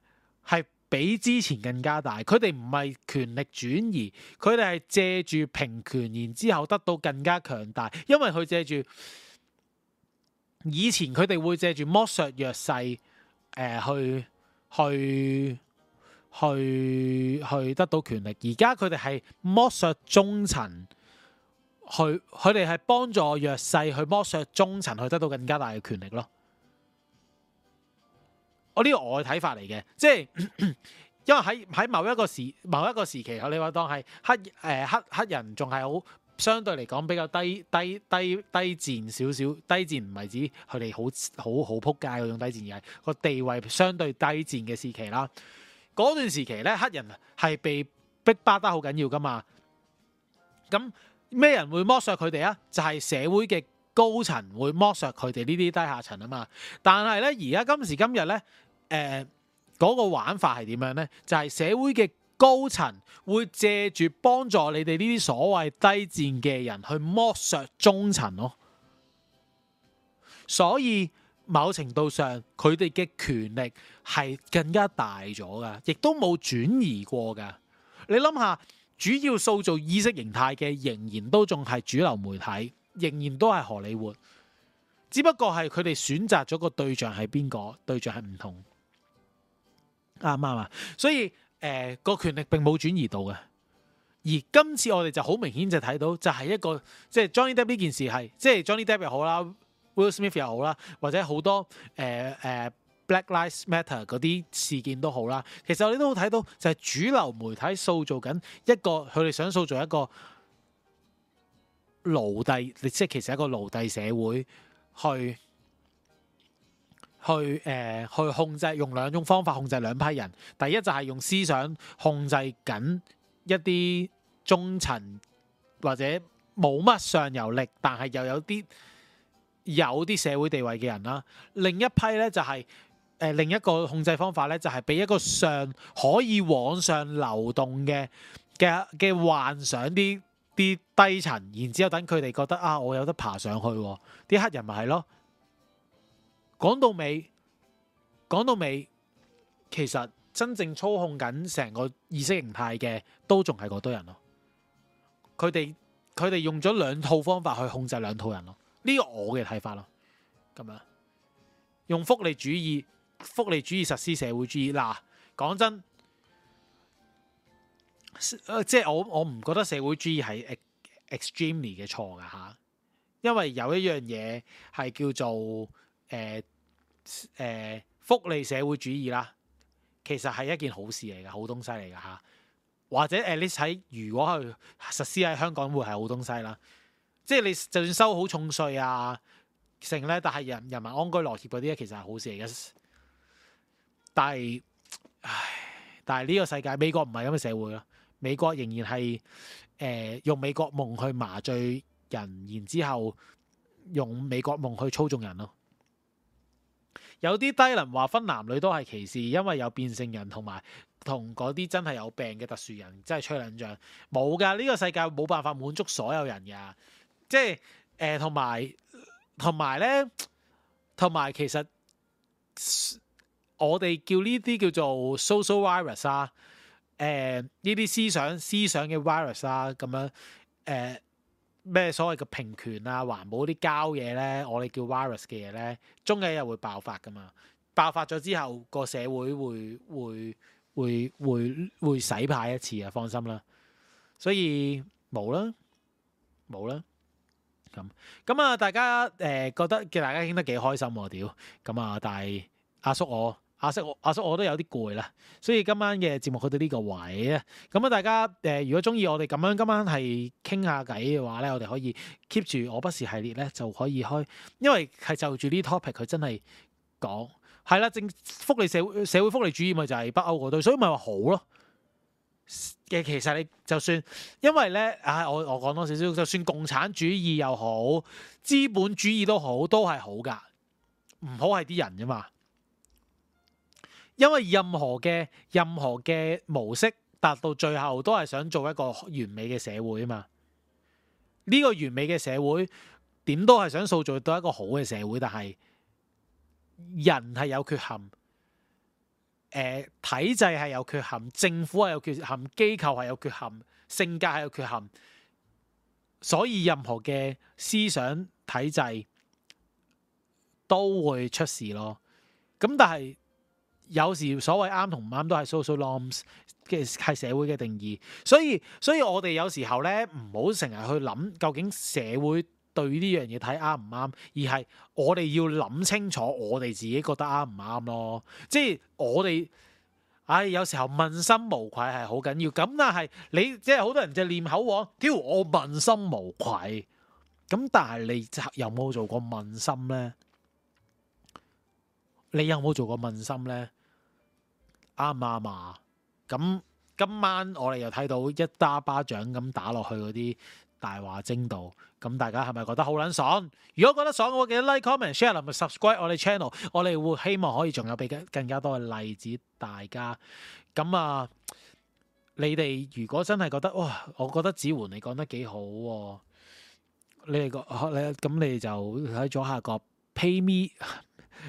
係比之前更加大。佢哋唔係權力轉移，佢哋係借住平權然之後得到更加強大。因為佢借住以前佢哋會借住剝削弱，弱勢誒、呃、去去去去得到權力，而家佢哋係剝削中層。去佢哋係幫助弱勢，去剝削中層，去得到更加大嘅權力咯。哦、我呢個我嘅睇法嚟嘅，即係因為喺喺某一個時某一個時期，你話當係黑誒、呃、黑黑人仲係好相對嚟講比較低低低低賤少少，低賤唔係指佢哋好好好撲街嗰種低賤，而係個地位相對低賤嘅時期啦。嗰段時期咧，黑人係被逼迫得好緊要噶嘛，咁。咩人會剝削佢哋啊？就係、是、社會嘅高層會剝削佢哋呢啲低下層啊嘛。但係咧，而家今時今日咧，誒、呃，嗰、那個玩法係點樣咧？就係、是、社會嘅高層會借住幫助你哋呢啲所謂低賤嘅人去剝削中層咯、哦。所以某程度上，佢哋嘅權力係更加大咗噶，亦都冇轉移過噶。你諗下。主要塑造意識形態嘅仍然都仲係主流媒體，仍然都係荷里活，只不過係佢哋選擇咗個對象係邊個，對象係唔同啊啱嘛，所以誒個、呃、權力並冇轉移到嘅。而今次我哋就好明顯就睇到就，就係、是、一個即係 Johnny Depp 呢件事係，即、就、係、是、Johnny Depp 又好啦，Will Smith 又好啦，或者好多誒誒。呃呃 Black Lives Matter 嗰啲事件都好啦，其實你都好睇到就係主流媒體塑造緊一個佢哋想塑造一個奴隸，即係其實一個奴隸社會，去去誒、呃、去控制，用兩種方法控制兩批人。第一就係用思想控制緊一啲中層或者冇乜上游力，但係又有啲有啲社會地位嘅人啦。另一批咧就係、是。誒、呃、另一個控制方法咧，就係、是、俾一個上可以往上流動嘅嘅嘅幻想啲啲低層，然之後等佢哋覺得啊，我有得爬上去、哦。啲黑人咪係咯。講到尾，講到尾，其實真正操控緊成個意識形態嘅，都仲係嗰堆人咯。佢哋佢哋用咗兩套方法去控制兩套人咯。呢、這個我嘅睇法咯，咁樣用福利主義。福利主義實施社會主義嗱，講真，即係我我唔覺得社會主義係 extremely 嘅錯㗎。吓，因為有一樣嘢係叫做誒誒、呃呃、福利社會主義啦，其實係一件好事嚟噶，好東西嚟噶吓。或者誒，你睇如果去實施喺香港會係好東西啦，即係你就算收好重稅啊，成咧，但係人人，人民安居樂業嗰啲咧，其實係好事嚟嘅。但係，唉，但係呢個世界，美國唔係咁嘅社會咯。美國仍然係誒、呃、用美國夢去麻醉人，然之後用美國夢去操縱人咯。有啲低能話分男女都係歧視，因為有變性人同埋同嗰啲真係有病嘅特殊人，真係吹冷仗吹脹。冇㗎，呢、這個世界冇辦法滿足所有人㗎，即係誒，同埋同埋咧，同埋其實。我哋叫呢啲叫做 social virus 啊、呃，誒呢啲思想思想嘅 virus 啦，咁樣誒咩所謂嘅平權啊、環保啲膠嘢咧，我哋叫 virus 嘅嘢咧，終有一日會爆發噶嘛！爆發咗之後，個社會會會會會會洗牌一次啊，放心啦。所以冇啦，冇啦，咁咁啊！大家誒、呃、覺得叫大家傾得幾開心喎，屌！咁啊，但係阿叔,叔我。阿叔，阿、啊、叔，我都、啊、有啲攰啦，所以今晚嘅節目去到呢個位啊。咁啊，大家誒、呃，如果中意我哋咁樣今晚係傾下偈嘅話咧，我哋可以 keep 住我不是系列咧就可以開，因為係就住呢 topic 佢真係講係啦，正福利社會社會福利主義咪就係北歐嗰堆，所以咪話好咯。嘅其實你就算，因為咧，唉、啊，我我講多少少，就算共產主義又好，資本主義都好，都係好噶，唔好係啲人啫嘛。因為任何嘅任何嘅模式達到最後都係想做一個完美嘅社會啊嘛，呢、這個完美嘅社會點都係想塑造到一個好嘅社會，但係人係有缺陷，誒、呃、體制係有缺陷，政府係有缺陷，機構係有缺陷，性格係有缺陷，所以任何嘅思想體制都會出事咯，咁但係。有時所謂啱同唔啱都係 social norms 即係社會嘅定義，所以所以我哋有時候咧唔好成日去諗究竟社會對呢樣嘢睇啱唔啱，而係我哋要諗清楚我哋自己覺得啱唔啱咯。即係我哋，唉、哎，有時候問心無愧係好緊要。咁但係你即係好多人就念口簧，屌我問心無愧，咁但係你有冇做過問心咧？你有冇做過問心咧？啱唔啱啊？咁今晚我哋又睇到一打巴掌咁打落去嗰啲大話精度，咁大家係咪覺得好撚爽？如果覺得爽嘅話，記得 like、comment、share，同埋 subscribe 我哋 channel。我哋會希望可以仲有俾更加多嘅例子大家。咁啊，你哋如果真係覺得哇，我覺得子桓你講得幾好，你哋個你咁你哋就喺左下角 pay me。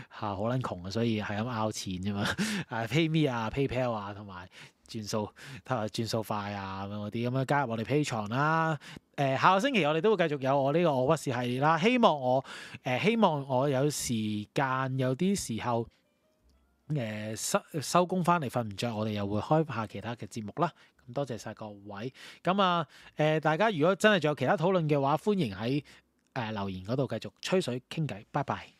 吓好撚窮啊，所以係咁拗錢啫嘛。誒 PayMe 啊、PayPal 啊同埋轉數，睇下轉數快啊咁嗰啲。咁樣，樣加入我哋 Pay 牀啦。誒、呃、下個星期我哋都會繼續有我呢個我不是系列啦。希望我誒、呃、希望我有時間，有啲時候誒、呃、收收工翻嚟瞓唔着，我哋又會開下其他嘅節目啦。咁多謝晒各位。咁啊誒大家如果真係仲有其他討論嘅話，歡迎喺誒、呃、留言嗰度繼續吹水傾偈。拜拜。